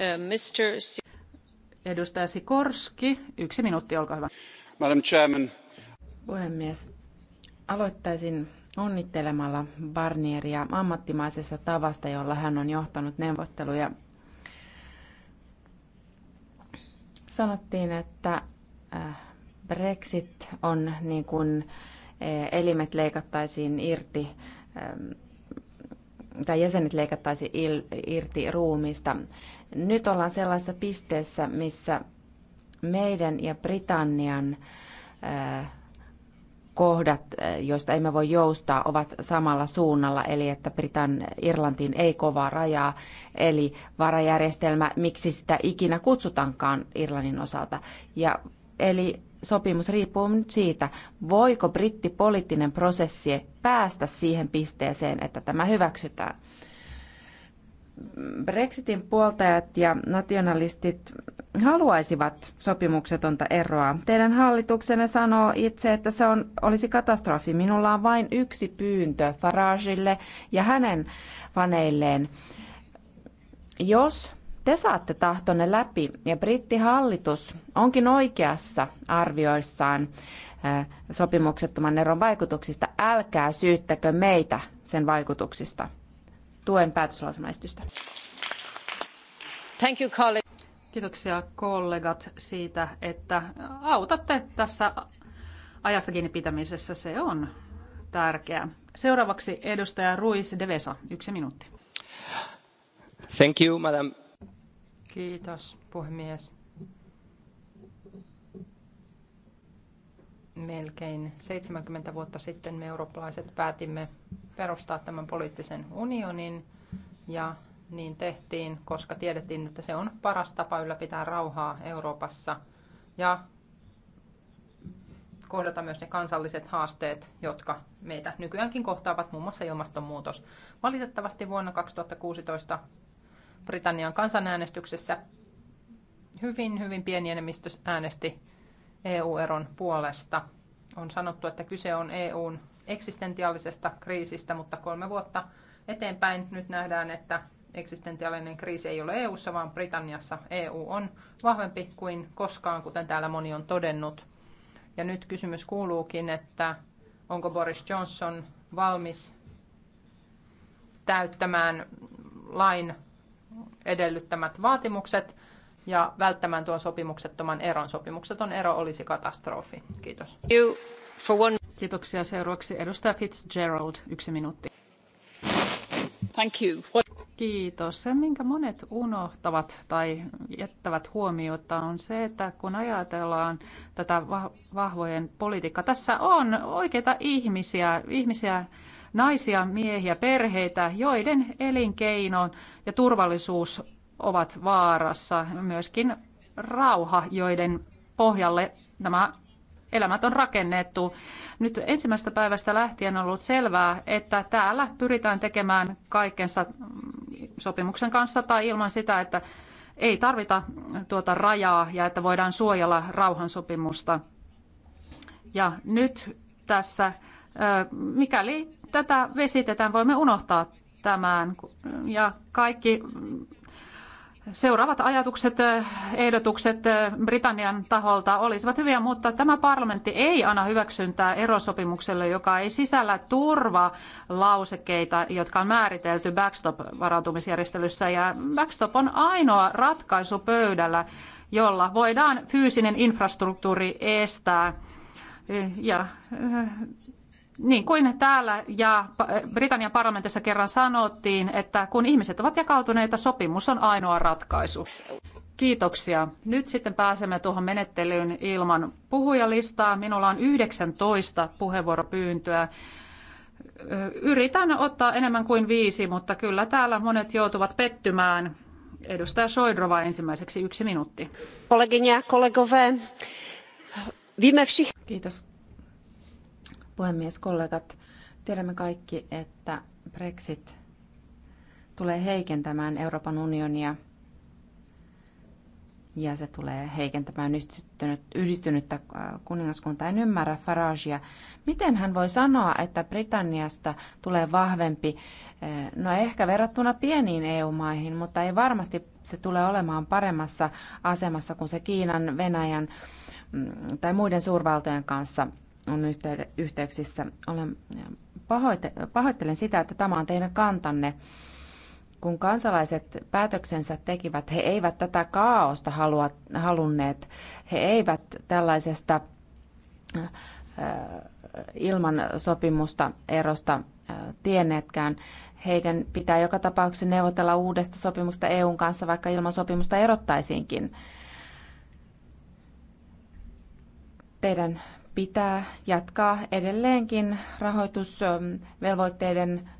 Äh, Mr. Edustaja Sikorski, yksi minuutti, olkaa hyvä. Madam Chairman. Puhemies, aloittaisin onnittelemalla Barnieria ammattimaisesta tavasta, jolla hän on johtanut neuvotteluja. Sanottiin, että äh, Brexit on niin kuin eh, elimet leikattaisiin irti eh, tai jäsenet leikattaisiin irti ruumista. Nyt ollaan sellaisessa pisteessä, missä meidän ja Britannian eh, kohdat, joista emme voi joustaa, ovat samalla suunnalla, eli että Britan Irlantiin ei kovaa rajaa, eli varajärjestelmä, miksi sitä ikinä kutsutankaan Irlannin osalta. Ja, eli sopimus riippuu nyt siitä, voiko brittipoliittinen prosessi päästä siihen pisteeseen, että tämä hyväksytään. Brexitin puoltajat ja nationalistit haluaisivat sopimuksetonta eroa. Teidän hallituksenne sanoo itse, että se on, olisi katastrofi. Minulla on vain yksi pyyntö Faragille ja hänen faneilleen. Jos te saatte tahtonne läpi ja brittihallitus onkin oikeassa arvioissaan äh, sopimuksettoman eron vaikutuksista. Älkää syyttäkö meitä sen vaikutuksista. Tuen päätöslausumaisitystä. Thank you, colleague. Kiitoksia kollegat siitä, että autatte tässä ajasta kiinni pitämisessä. Se on tärkeää. Seuraavaksi edustaja Ruiz Devesa, yksi minuutti. Thank you, madam Kiitos, puhemies. Melkein 70 vuotta sitten me eurooppalaiset päätimme perustaa tämän poliittisen unionin ja niin tehtiin, koska tiedettiin, että se on paras tapa ylläpitää rauhaa Euroopassa ja kohdata myös ne kansalliset haasteet, jotka meitä nykyäänkin kohtaavat, muun muassa ilmastonmuutos. Valitettavasti vuonna 2016 Britannian kansanäänestyksessä hyvin, hyvin pieni enemmistö äänesti EU-eron puolesta. On sanottu, että kyse on EUn eksistentiaalisesta kriisistä, mutta kolme vuotta eteenpäin nyt nähdään, että eksistentiaalinen kriisi ei ole EUssa, vaan Britanniassa EU on vahvempi kuin koskaan, kuten täällä moni on todennut. Ja nyt kysymys kuuluukin, että onko Boris Johnson valmis täyttämään lain edellyttämät vaatimukset ja välttämään tuon sopimuksettoman eron. Sopimukseton ero olisi katastrofi. Kiitos. Kiitoksia. Seuraavaksi edustaja Fitzgerald, yksi minuutti. Thank you. What... Kiitos. Se, minkä monet unohtavat tai jättävät huomiota, on se, että kun ajatellaan tätä vahvojen politiikkaa, tässä on oikeita ihmisiä, ihmisiä naisia, miehiä, perheitä, joiden elinkeino ja turvallisuus ovat vaarassa. Myöskin rauha, joiden pohjalle nämä elämät on rakennettu. Nyt ensimmäisestä päivästä lähtien on ollut selvää, että täällä pyritään tekemään kaikkensa sopimuksen kanssa tai ilman sitä, että ei tarvita tuota rajaa ja että voidaan suojella rauhansopimusta. Ja nyt tässä, mikäli tätä vesitetään, voimme unohtaa tämän. Ja kaikki seuraavat ajatukset, ehdotukset Britannian taholta olisivat hyviä, mutta tämä parlamentti ei anna hyväksyntää erosopimukselle, joka ei sisällä lausekkeita, jotka on määritelty backstop-varautumisjärjestelyssä. Ja backstop on ainoa ratkaisu pöydällä, jolla voidaan fyysinen infrastruktuuri estää ja niin kuin täällä ja Britannian parlamentissa kerran sanottiin, että kun ihmiset ovat jakautuneita, sopimus on ainoa ratkaisu. Kiitoksia. Nyt sitten pääsemme tuohon menettelyyn ilman puhujalistaa. Minulla on 19 puheenvuoropyyntöä. Yritän ottaa enemmän kuin viisi, mutta kyllä täällä monet joutuvat pettymään. Edustaja Soidrova ensimmäiseksi yksi minuutti. Kollegin ja kollegove, viime Kiitos Puhemies, kollegat, tiedämme kaikki, että Brexit tulee heikentämään Euroopan unionia ja se tulee heikentämään yhdistynyttä äh, kuningaskuntaa. En ymmärrä Faragea. Miten hän voi sanoa, että Britanniasta tulee vahvempi, äh, no ehkä verrattuna pieniin EU-maihin, mutta ei varmasti se tule olemaan paremmassa asemassa kuin se Kiinan, Venäjän mm, tai muiden suurvaltojen kanssa – on yhteyksissä. Olen pahoite, pahoittelen sitä, että tämä on teidän kantanne. Kun kansalaiset päätöksensä tekivät, he eivät tätä kaaosta halua, halunneet. He eivät tällaisesta äh, ilman sopimusta erosta äh, tienneetkään. Heidän pitää joka tapauksessa neuvotella uudesta sopimuksesta EUn kanssa, vaikka ilman sopimusta erottaisiinkin. Teidän pitää jatkaa edelleenkin rahoitusvelvoitteiden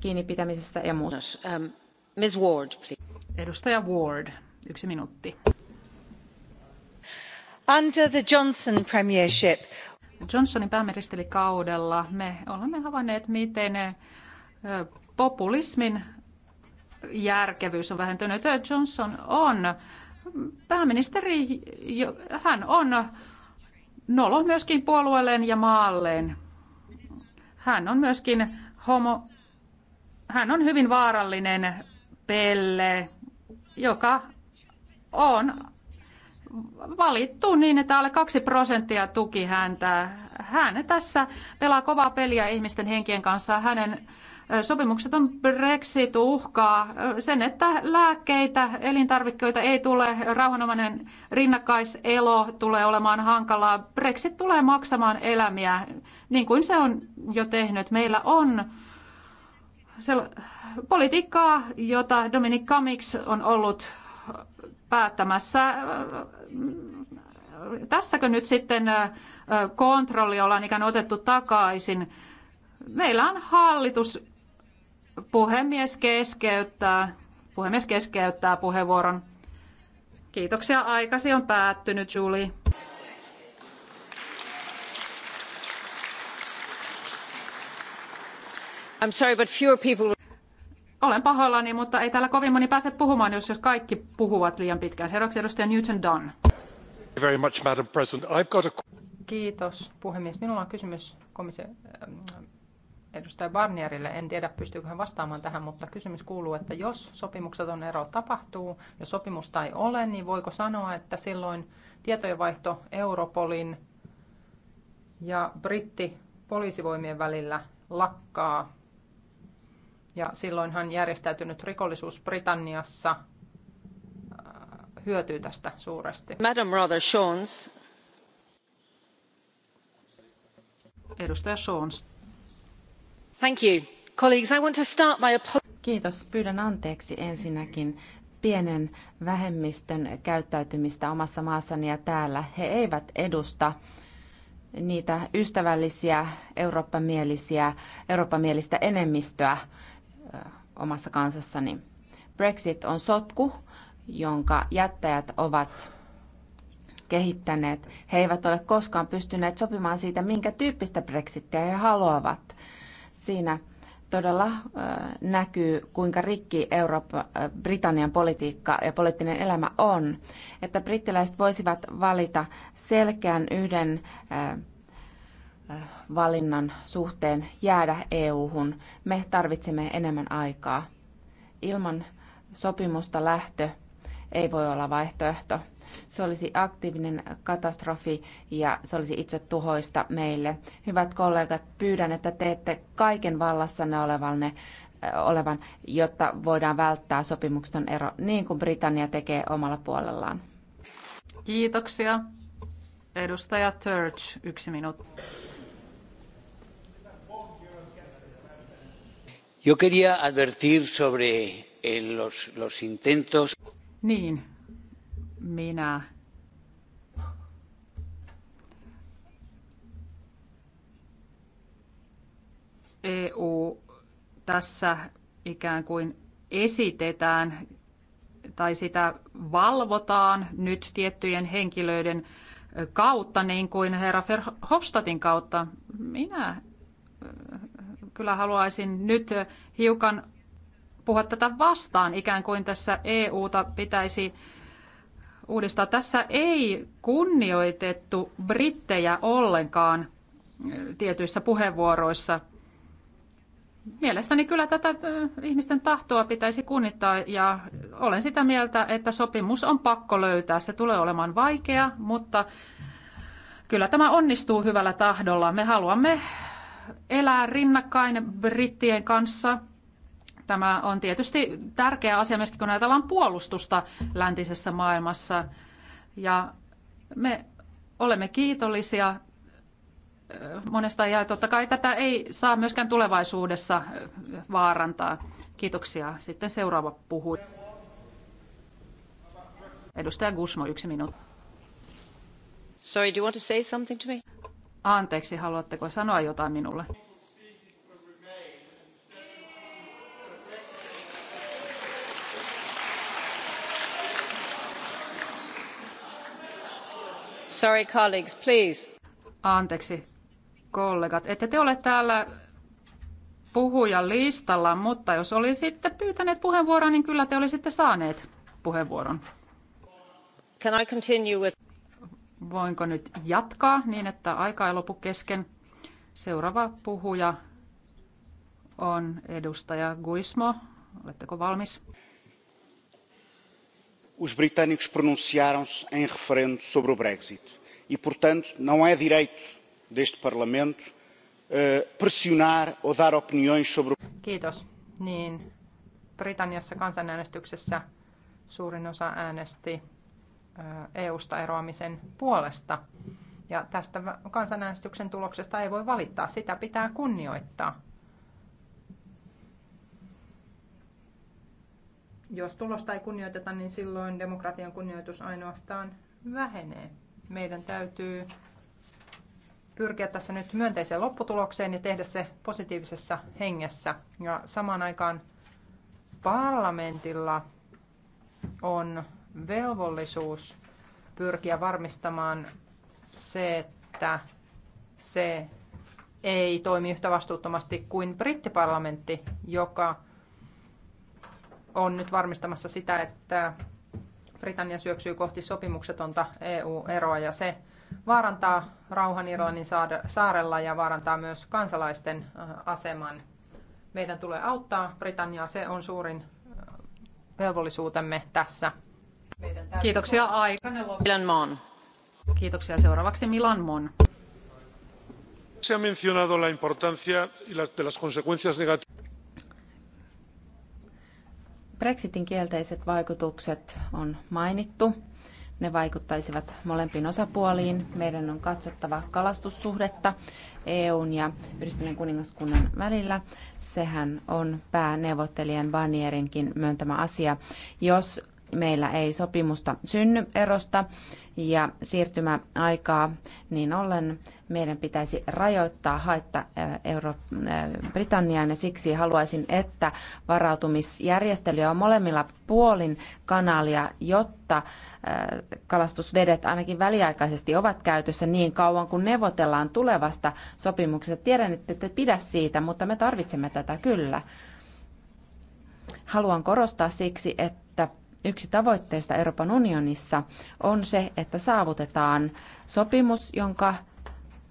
kiinni pitämisestä ja muuta. Ähm, Ms. Ward, please. Edustaja Ward, yksi minuutti. Under the Johnson premiership. Johnsonin pääministerikaudella me olemme havainneet, miten populismin järkevyys on vähentynyt. Johnson on pääministeri, hän on nolo myöskin puolueelleen ja maalleen. Hän on myöskin homo, hän on hyvin vaarallinen pelle, joka on valittu niin, että alle kaksi prosenttia tuki häntä. Hän tässä pelaa kovaa peliä ihmisten henkien kanssa. Hänen Sopimukseton Brexit uhkaa sen, että lääkkeitä, elintarvikkeita ei tule, rauhanomainen rinnakkaiselo tulee olemaan hankalaa. Brexit tulee maksamaan elämiä, niin kuin se on jo tehnyt. Meillä on politiikkaa, jota Dominic Kamix on ollut päättämässä. Tässäkö nyt sitten kontrolli ollaan ikään otettu takaisin? Meillä on hallitus, Puhemies keskeyttää, puhemies keskeyttää puheenvuoron. Kiitoksia, aikasi on päättynyt, Julie. I'm sorry, but fewer people... Olen pahoillani, mutta ei täällä kovin moni pääse puhumaan, jos, kaikki puhuvat liian pitkään. Seuraavaksi edustaja Newton Dunn. Very much, Madam President. I've got a... Kiitos, puhemies. Minulla on kysymys komission edustaja Barnierille. En tiedä, pystyykö hän vastaamaan tähän, mutta kysymys kuuluu, että jos sopimukseton ero tapahtuu, jos sopimusta ei ole, niin voiko sanoa, että silloin tietojenvaihto Europolin ja britti poliisivoimien välillä lakkaa. Ja silloinhan järjestäytynyt rikollisuus Britanniassa äh, hyötyy tästä suuresti. Madam Rather Jones. Edustaja Jones. Kiitos. Pyydän anteeksi ensinnäkin pienen vähemmistön käyttäytymistä omassa maassani ja täällä. He eivät edusta niitä ystävällisiä, eurooppamielisiä, eurooppamielistä enemmistöä omassa kansassani. Brexit on sotku, jonka jättäjät ovat kehittäneet. He eivät ole koskaan pystyneet sopimaan siitä, minkä tyyppistä Brexittiä he haluavat. Siinä todella näkyy, kuinka rikki Eurooppa, Britannian politiikka ja poliittinen elämä on. Että brittiläiset voisivat valita selkeän yhden valinnan suhteen jäädä EU-hun. Me tarvitsemme enemmän aikaa. Ilman sopimusta lähtö ei voi olla vaihtoehto. Se olisi aktiivinen katastrofi ja se olisi itse tuhoista meille. Hyvät kollegat, pyydän, että teette kaiken vallassanne olevanne olevan, jotta voidaan välttää sopimuksen ero, niin kuin Britannia tekee omalla puolellaan. Kiitoksia. Edustaja Turch, yksi minuutti. Yo quería advertir sobre eh, los, los intentos. Niin, minä EU tässä ikään kuin esitetään tai sitä valvotaan nyt tiettyjen henkilöiden kautta, niin kuin herra Verhofstadtin kautta. Minä kyllä haluaisin nyt hiukan puhua tätä vastaan, ikään kuin tässä EUta pitäisi uudistaa. Tässä ei kunnioitettu brittejä ollenkaan eh, tietyissä puheenvuoroissa. Mielestäni kyllä tätä eh, ihmisten tahtoa pitäisi kunnittaa ja olen sitä mieltä, että sopimus on pakko löytää. Se tulee olemaan vaikea, mutta kyllä tämä onnistuu hyvällä tahdolla. Me haluamme elää rinnakkain brittien kanssa – Tämä on tietysti tärkeä asia myöskin, kun ajatellaan puolustusta läntisessä maailmassa. Ja me olemme kiitollisia monesta ja totta kai tätä ei saa myöskään tulevaisuudessa vaarantaa. Kiitoksia. Sitten seuraava puhuja. Edustaja Gusmo, yksi minuutti. Sorry, do you want to say something to me? Anteeksi, haluatteko sanoa jotain minulle? Sorry, colleagues, please. Anteeksi, kollegat. Ette te ole täällä puhujan listalla, mutta jos olisitte pyytäneet puheenvuoroa, niin kyllä te olisitte saaneet puheenvuoron. Can I continue with... Voinko nyt jatkaa niin, että aika ei lopu kesken? Seuraava puhuja on edustaja Guismo. Oletteko valmis? os britânicos pronunciaram se em referendo sobre o brexit e portanto não é direito deste parlamento eh, pressionar ou dar opiniões sobre. o. Kiitos. Niin, Britanniassa kansanäänestyksessä suurin osa äänesti EU-sta eh, e eroamisen puolesta. Ja tästä kansanäänestyksen tuloksesta ei voi valittaa, sitä pitää kunnioittaa. Jos tulosta ei kunnioiteta, niin silloin demokratian kunnioitus ainoastaan vähenee. Meidän täytyy pyrkiä tässä nyt myönteiseen lopputulokseen ja tehdä se positiivisessa hengessä. Ja samaan aikaan parlamentilla on velvollisuus pyrkiä varmistamaan se, että se ei toimi yhtä vastuuttomasti kuin brittiparlamentti, joka on nyt varmistamassa sitä, että Britannia syöksyy kohti sopimuksetonta EU-eroa ja se vaarantaa rauhan Irlannin saarella ja vaarantaa myös kansalaisten äh, aseman. Meidän tulee auttaa Britanniaa, se on suurin äh, velvollisuutemme tässä. Kiitoksia aika. Milan Mon. Kiitoksia seuraavaksi Milan Mon. Se ha mencionado la importancia de las consecuencias negativas Brexitin kielteiset vaikutukset on mainittu. Ne vaikuttaisivat molempiin osapuoliin. Meidän on katsottava kalastussuhdetta EUn ja Yhdistyneen kuningaskunnan välillä. Sehän on pääneuvottelijan Barnierinkin myöntämä asia. Jos meillä ei sopimusta synny erosta ja siirtymäaikaa, niin ollen meidän pitäisi rajoittaa haitta Euro- Britanniaan ja siksi haluaisin, että varautumisjärjestelyä on molemmilla puolin kanalia, jotta kalastusvedet ainakin väliaikaisesti ovat käytössä niin kauan kuin neuvotellaan tulevasta sopimuksesta. Tiedän, että te pidä siitä, mutta me tarvitsemme tätä kyllä. Haluan korostaa siksi, että Yksi tavoitteista Euroopan unionissa on se, että saavutetaan sopimus, jonka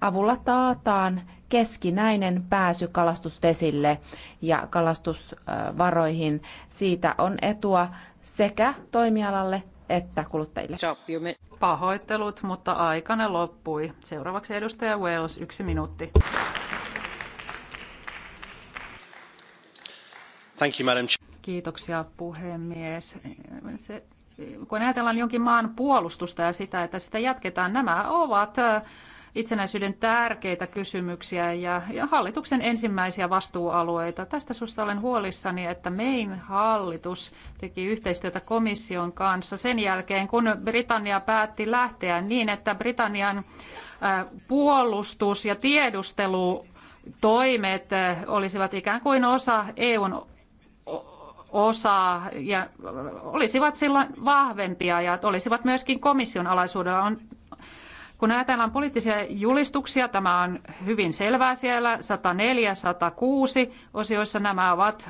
avulla taataan keskinäinen pääsy kalastusvesille ja kalastusvaroihin. Siitä on etua sekä toimialalle että kuluttajille. Pahoittelut, mutta aikana loppui. Seuraavaksi edustaja Wales, yksi minuutti. Thank you, Madam Kiitoksia puhemies. Se, kun ajatellaan jonkin maan puolustusta ja sitä, että sitä jatketaan, nämä ovat itsenäisyyden tärkeitä kysymyksiä ja, ja hallituksen ensimmäisiä vastuualueita. Tästä susta olen huolissani, että mein hallitus teki yhteistyötä komission kanssa sen jälkeen, kun Britannia päätti lähteä niin, että Britannian puolustus ja tiedustelu toimet olisivat ikään kuin osa EUn osaa ja olisivat silloin vahvempia ja olisivat myöskin komission alaisuudella. On, kun ajatellaan poliittisia julistuksia, tämä on hyvin selvää siellä, 104, 106 osioissa nämä ovat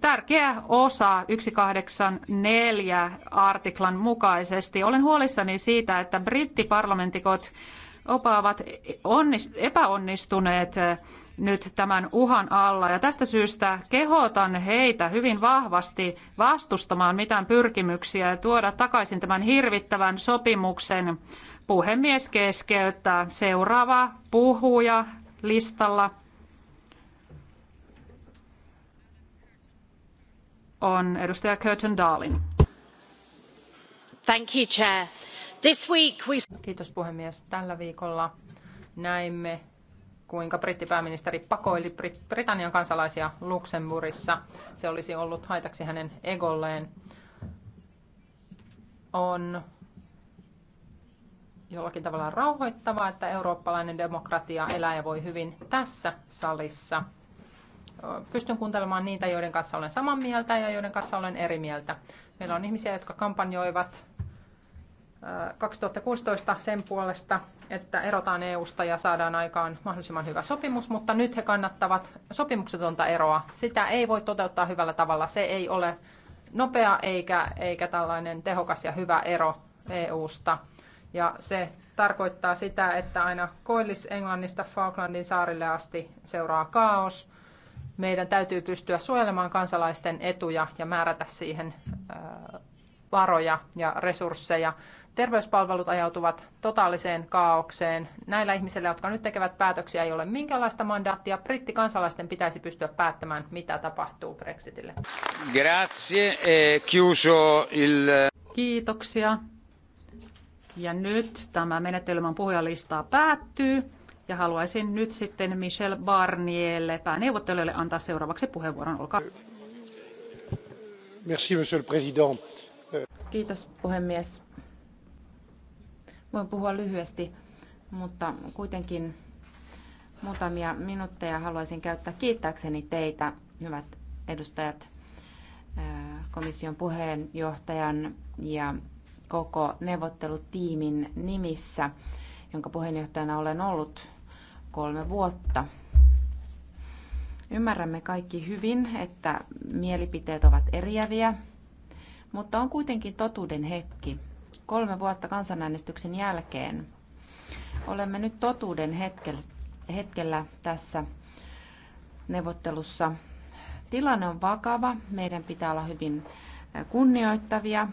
tärkeä osa 184 artiklan mukaisesti. Olen huolissani siitä, että brittiparlamentikot opaavat epäonnistuneet nyt tämän uhan alla. Ja tästä syystä kehotan heitä hyvin vahvasti vastustamaan mitään pyrkimyksiä ja tuoda takaisin tämän hirvittävän sopimuksen. Puhemies keskeyttää. Seuraava puhuja listalla on edustaja Curtin Darling. Thank you, Chair. This week we... Kiitos puhemies. Tällä viikolla näimme kuinka brittipääministeri pakoili Britannian kansalaisia Luxemburgissa. Se olisi ollut haitaksi hänen egolleen. On jollakin tavalla rauhoittavaa, että eurooppalainen demokratia elää ja voi hyvin tässä salissa. Pystyn kuuntelemaan niitä, joiden kanssa olen samaa mieltä ja joiden kanssa olen eri mieltä. Meillä on ihmisiä, jotka kampanjoivat 2016 sen puolesta, että erotaan EUsta ja saadaan aikaan mahdollisimman hyvä sopimus, mutta nyt he kannattavat sopimuksetonta eroa. Sitä ei voi toteuttaa hyvällä tavalla. Se ei ole nopea eikä, eikä tällainen tehokas ja hyvä ero EUsta. Ja se tarkoittaa sitä, että aina Koillis-Englannista Falklandin saarille asti seuraa kaos. Meidän täytyy pystyä suojelemaan kansalaisten etuja ja määrätä siihen varoja ja resursseja terveyspalvelut ajautuvat totaaliseen kaaukseen. Näillä ihmisillä, jotka nyt tekevät päätöksiä, ei ole minkäänlaista mandaattia. Brittikansalaisten pitäisi pystyä päättämään, mitä tapahtuu Brexitille. Grazie. E chiuso il... Kiitoksia. Ja nyt tämä menettelymän puhujalistaa päättyy. Ja haluaisin nyt sitten Michel Barnierlle, pääneuvottelijalle, antaa seuraavaksi puheenvuoron. Olkaa Merci, monsieur le président. Kiitos, puhemies Voin puhua lyhyesti, mutta kuitenkin muutamia minuutteja haluaisin käyttää kiittääkseni teitä, hyvät edustajat, äh, komission puheenjohtajan ja koko neuvottelutiimin nimissä, jonka puheenjohtajana olen ollut kolme vuotta. Ymmärrämme kaikki hyvin, että mielipiteet ovat eriäviä, mutta on kuitenkin totuuden hetki kolme vuotta kansanäänestyksen jälkeen. Olemme nyt totuuden hetkellä tässä neuvottelussa. Tilanne on vakava, meidän pitää olla hyvin kunnioittavia,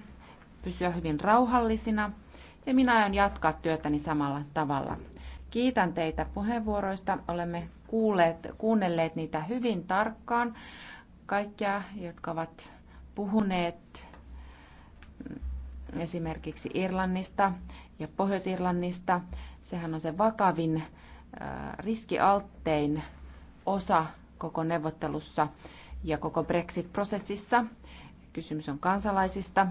pysyä hyvin rauhallisina ja minä aion jatkaa työtäni samalla tavalla. Kiitän teitä puheenvuoroista. Olemme kuulleet, kuunnelleet niitä hyvin tarkkaan. Kaikkia, jotka ovat puhuneet esimerkiksi Irlannista ja Pohjois-Irlannista. Sehän on se vakavin riskialttein osa koko neuvottelussa ja koko Brexit-prosessissa. Kysymys on kansalaisista,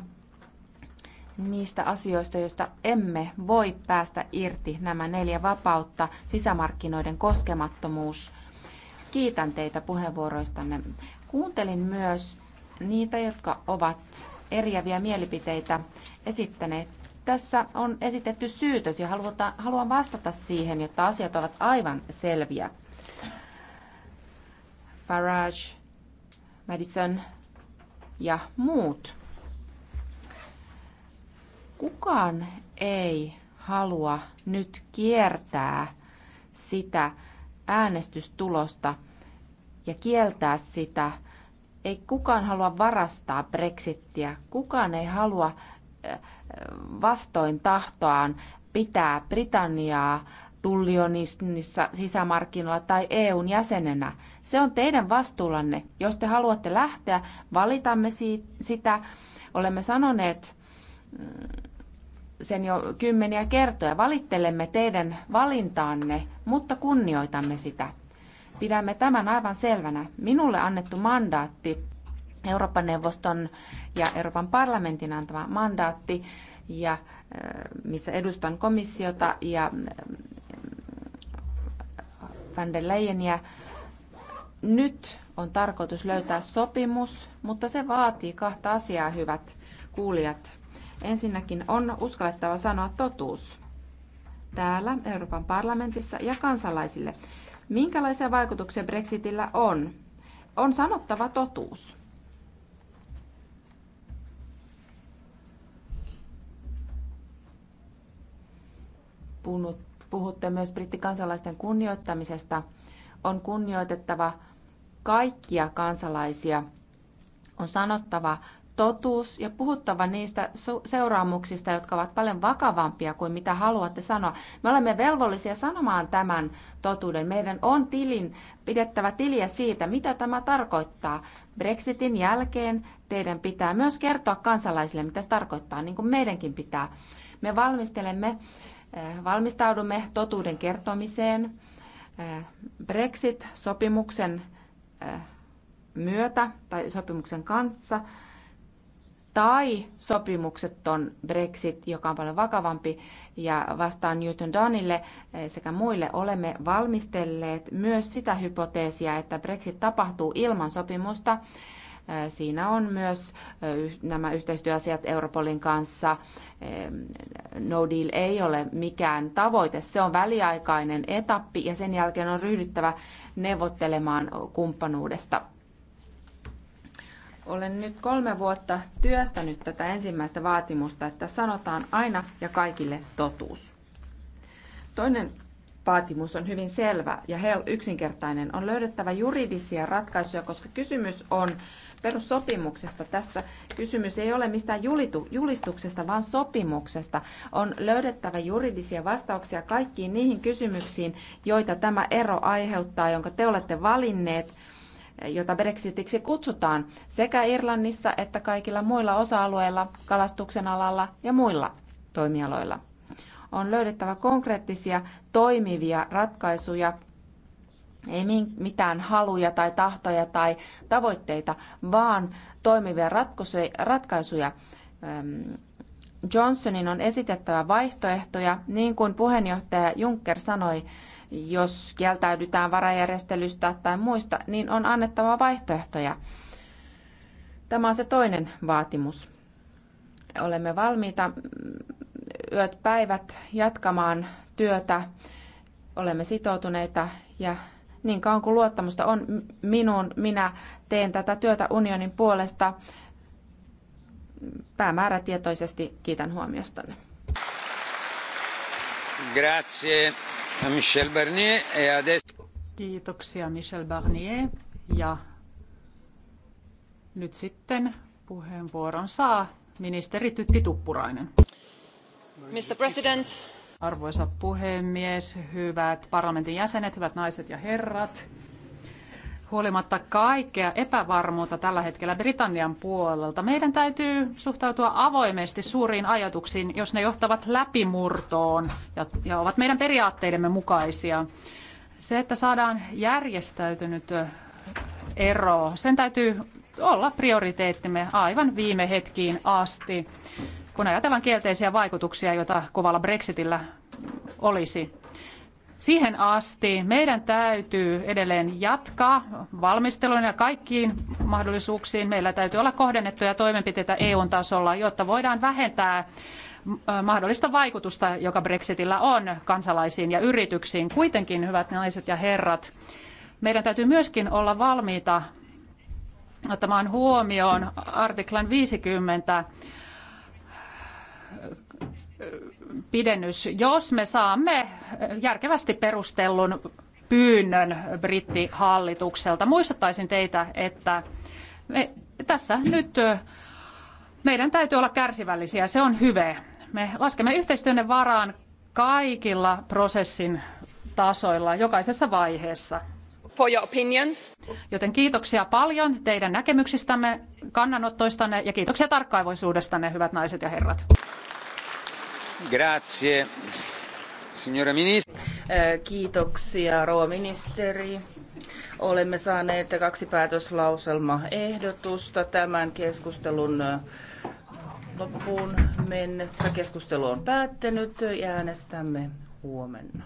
niistä asioista, joista emme voi päästä irti, nämä neljä vapautta, sisämarkkinoiden koskemattomuus. Kiitän teitä puheenvuoroistanne. Kuuntelin myös niitä, jotka ovat eriäviä mielipiteitä esittäneet. Tässä on esitetty syytös ja haluan vastata siihen, jotta asiat ovat aivan selviä. Farage, Madison ja muut. Kukaan ei halua nyt kiertää sitä äänestystulosta ja kieltää sitä ei kukaan halua varastaa Brexittiä. Kukaan ei halua äh, vastoin tahtoaan pitää Britanniaa tullionissa sisämarkkinoilla tai EUn jäsenenä. Se on teidän vastuullanne. Jos te haluatte lähteä, valitamme si- sitä. Olemme sanoneet mm, sen jo kymmeniä kertoja. Valittelemme teidän valintaanne, mutta kunnioitamme sitä. Pidämme tämän aivan selvänä. Minulle annettu mandaatti, Euroopan neuvoston ja Euroopan parlamentin antama mandaatti, ja äh, missä edustan komissiota ja äh, van der Leyenia. Nyt on tarkoitus löytää sopimus, mutta se vaatii kahta asiaa, hyvät kuulijat. Ensinnäkin on uskallettava sanoa totuus täällä Euroopan parlamentissa ja kansalaisille. Minkälaisia vaikutuksia Brexitillä on? On sanottava totuus. Puhutte myös brittikansalaisten kunnioittamisesta. On kunnioitettava kaikkia kansalaisia. On sanottava totuus ja puhuttava niistä seuraamuksista, jotka ovat paljon vakavampia kuin mitä haluatte sanoa. Me olemme velvollisia sanomaan tämän totuuden. Meidän on tilin, pidettävä tiliä siitä, mitä tämä tarkoittaa. Brexitin jälkeen teidän pitää myös kertoa kansalaisille, mitä se tarkoittaa, niin kuin meidänkin pitää. Me valmistelemme, eh, valmistaudumme totuuden kertomiseen. Eh, Brexit-sopimuksen eh, myötä tai sopimuksen kanssa – tai on Brexit, joka on paljon vakavampi. Ja vastaan Newton Dunnille eh, sekä muille olemme valmistelleet myös sitä hypoteesia, että Brexit tapahtuu ilman sopimusta. Eh, siinä on myös eh, nämä yhteistyöasiat Europolin kanssa. No deal ei ole mikään tavoite, se on väliaikainen etappi ja sen jälkeen on ryhdyttävä neuvottelemaan kumppanuudesta. Olen nyt kolme vuotta työstänyt tätä ensimmäistä vaatimusta, että sanotaan aina ja kaikille totuus. Toinen vaatimus on hyvin selvä ja yksinkertainen. On löydettävä juridisia ratkaisuja, koska kysymys on perussopimuksesta. Tässä kysymys ei ole mistään julistuksesta, vaan sopimuksesta. On löydettävä juridisia vastauksia kaikkiin niihin kysymyksiin, joita tämä ero aiheuttaa, jonka te olette valinneet jota Brexitiksi kutsutaan sekä Irlannissa että kaikilla muilla osa-alueilla, kalastuksen alalla ja muilla toimialoilla. On löydettävä konkreettisia toimivia ratkaisuja, ei mitään haluja tai tahtoja tai tavoitteita, vaan toimivia ratkaisuja. Johnsonin on esitettävä vaihtoehtoja, niin kuin puheenjohtaja Juncker sanoi, jos kieltäydytään varajärjestelystä tai muista, niin on annettava vaihtoehtoja. Tämä on se toinen vaatimus. Olemme valmiita mm, yöt päivät jatkamaan työtä. Olemme sitoutuneita ja niin kauan kuin luottamusta on minuun, minä teen tätä työtä unionin puolesta päämäärätietoisesti. Kiitän huomiostanne. Grazie. E Kiitoksia Michel Barnier. Ja nyt sitten puheenvuoron saa ministeri Tytti Tuppurainen. Mr. President. Arvoisa puhemies, hyvät parlamentin jäsenet, hyvät naiset ja herrat huolimatta kaikkea epävarmuutta tällä hetkellä Britannian puolelta. Meidän täytyy suhtautua avoimesti suuriin ajatuksiin, jos ne johtavat läpimurtoon ja, ja ovat meidän periaatteidemme mukaisia. Se, että saadaan järjestäytynyt ero, sen täytyy olla prioriteettimme aivan viime hetkiin asti, kun ajatellaan kielteisiä vaikutuksia, joita kovalla Brexitillä olisi. Siihen asti meidän täytyy edelleen jatkaa valmistelun ja kaikkiin mahdollisuuksiin. Meillä täytyy olla kohdennettuja toimenpiteitä EU-tasolla, jotta voidaan vähentää äh, mahdollista vaikutusta, joka Brexitillä on kansalaisiin ja yrityksiin. Kuitenkin, hyvät naiset ja herrat, meidän täytyy myöskin olla valmiita ottamaan huomioon artiklan 50 pidennys, jos me saamme järkevästi perustellun pyynnön brittihallitukselta. Muistuttaisin teitä, että me, tässä nyt meidän täytyy olla kärsivällisiä, se on hyve. Me laskemme yhteistyönne varaan kaikilla prosessin tasoilla, jokaisessa vaiheessa. For your opinions. Joten kiitoksia paljon teidän näkemyksistämme, kannanottoistanne ja kiitoksia tarkkaavaisuudestanne, hyvät naiset ja herrat. Grazie, signora ministeri. Kiitoksia, rouva ministeri. Olemme saaneet kaksi päätöslauselmaehdotusta tämän keskustelun loppuun mennessä. Keskustelu on päättynyt ja äänestämme huomenna.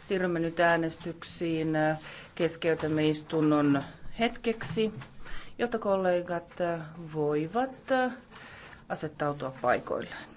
Siirrymme nyt äänestyksiin. Keskeytämme istunnon hetkeksi, jotta kollegat voivat asettautua paikoilleen.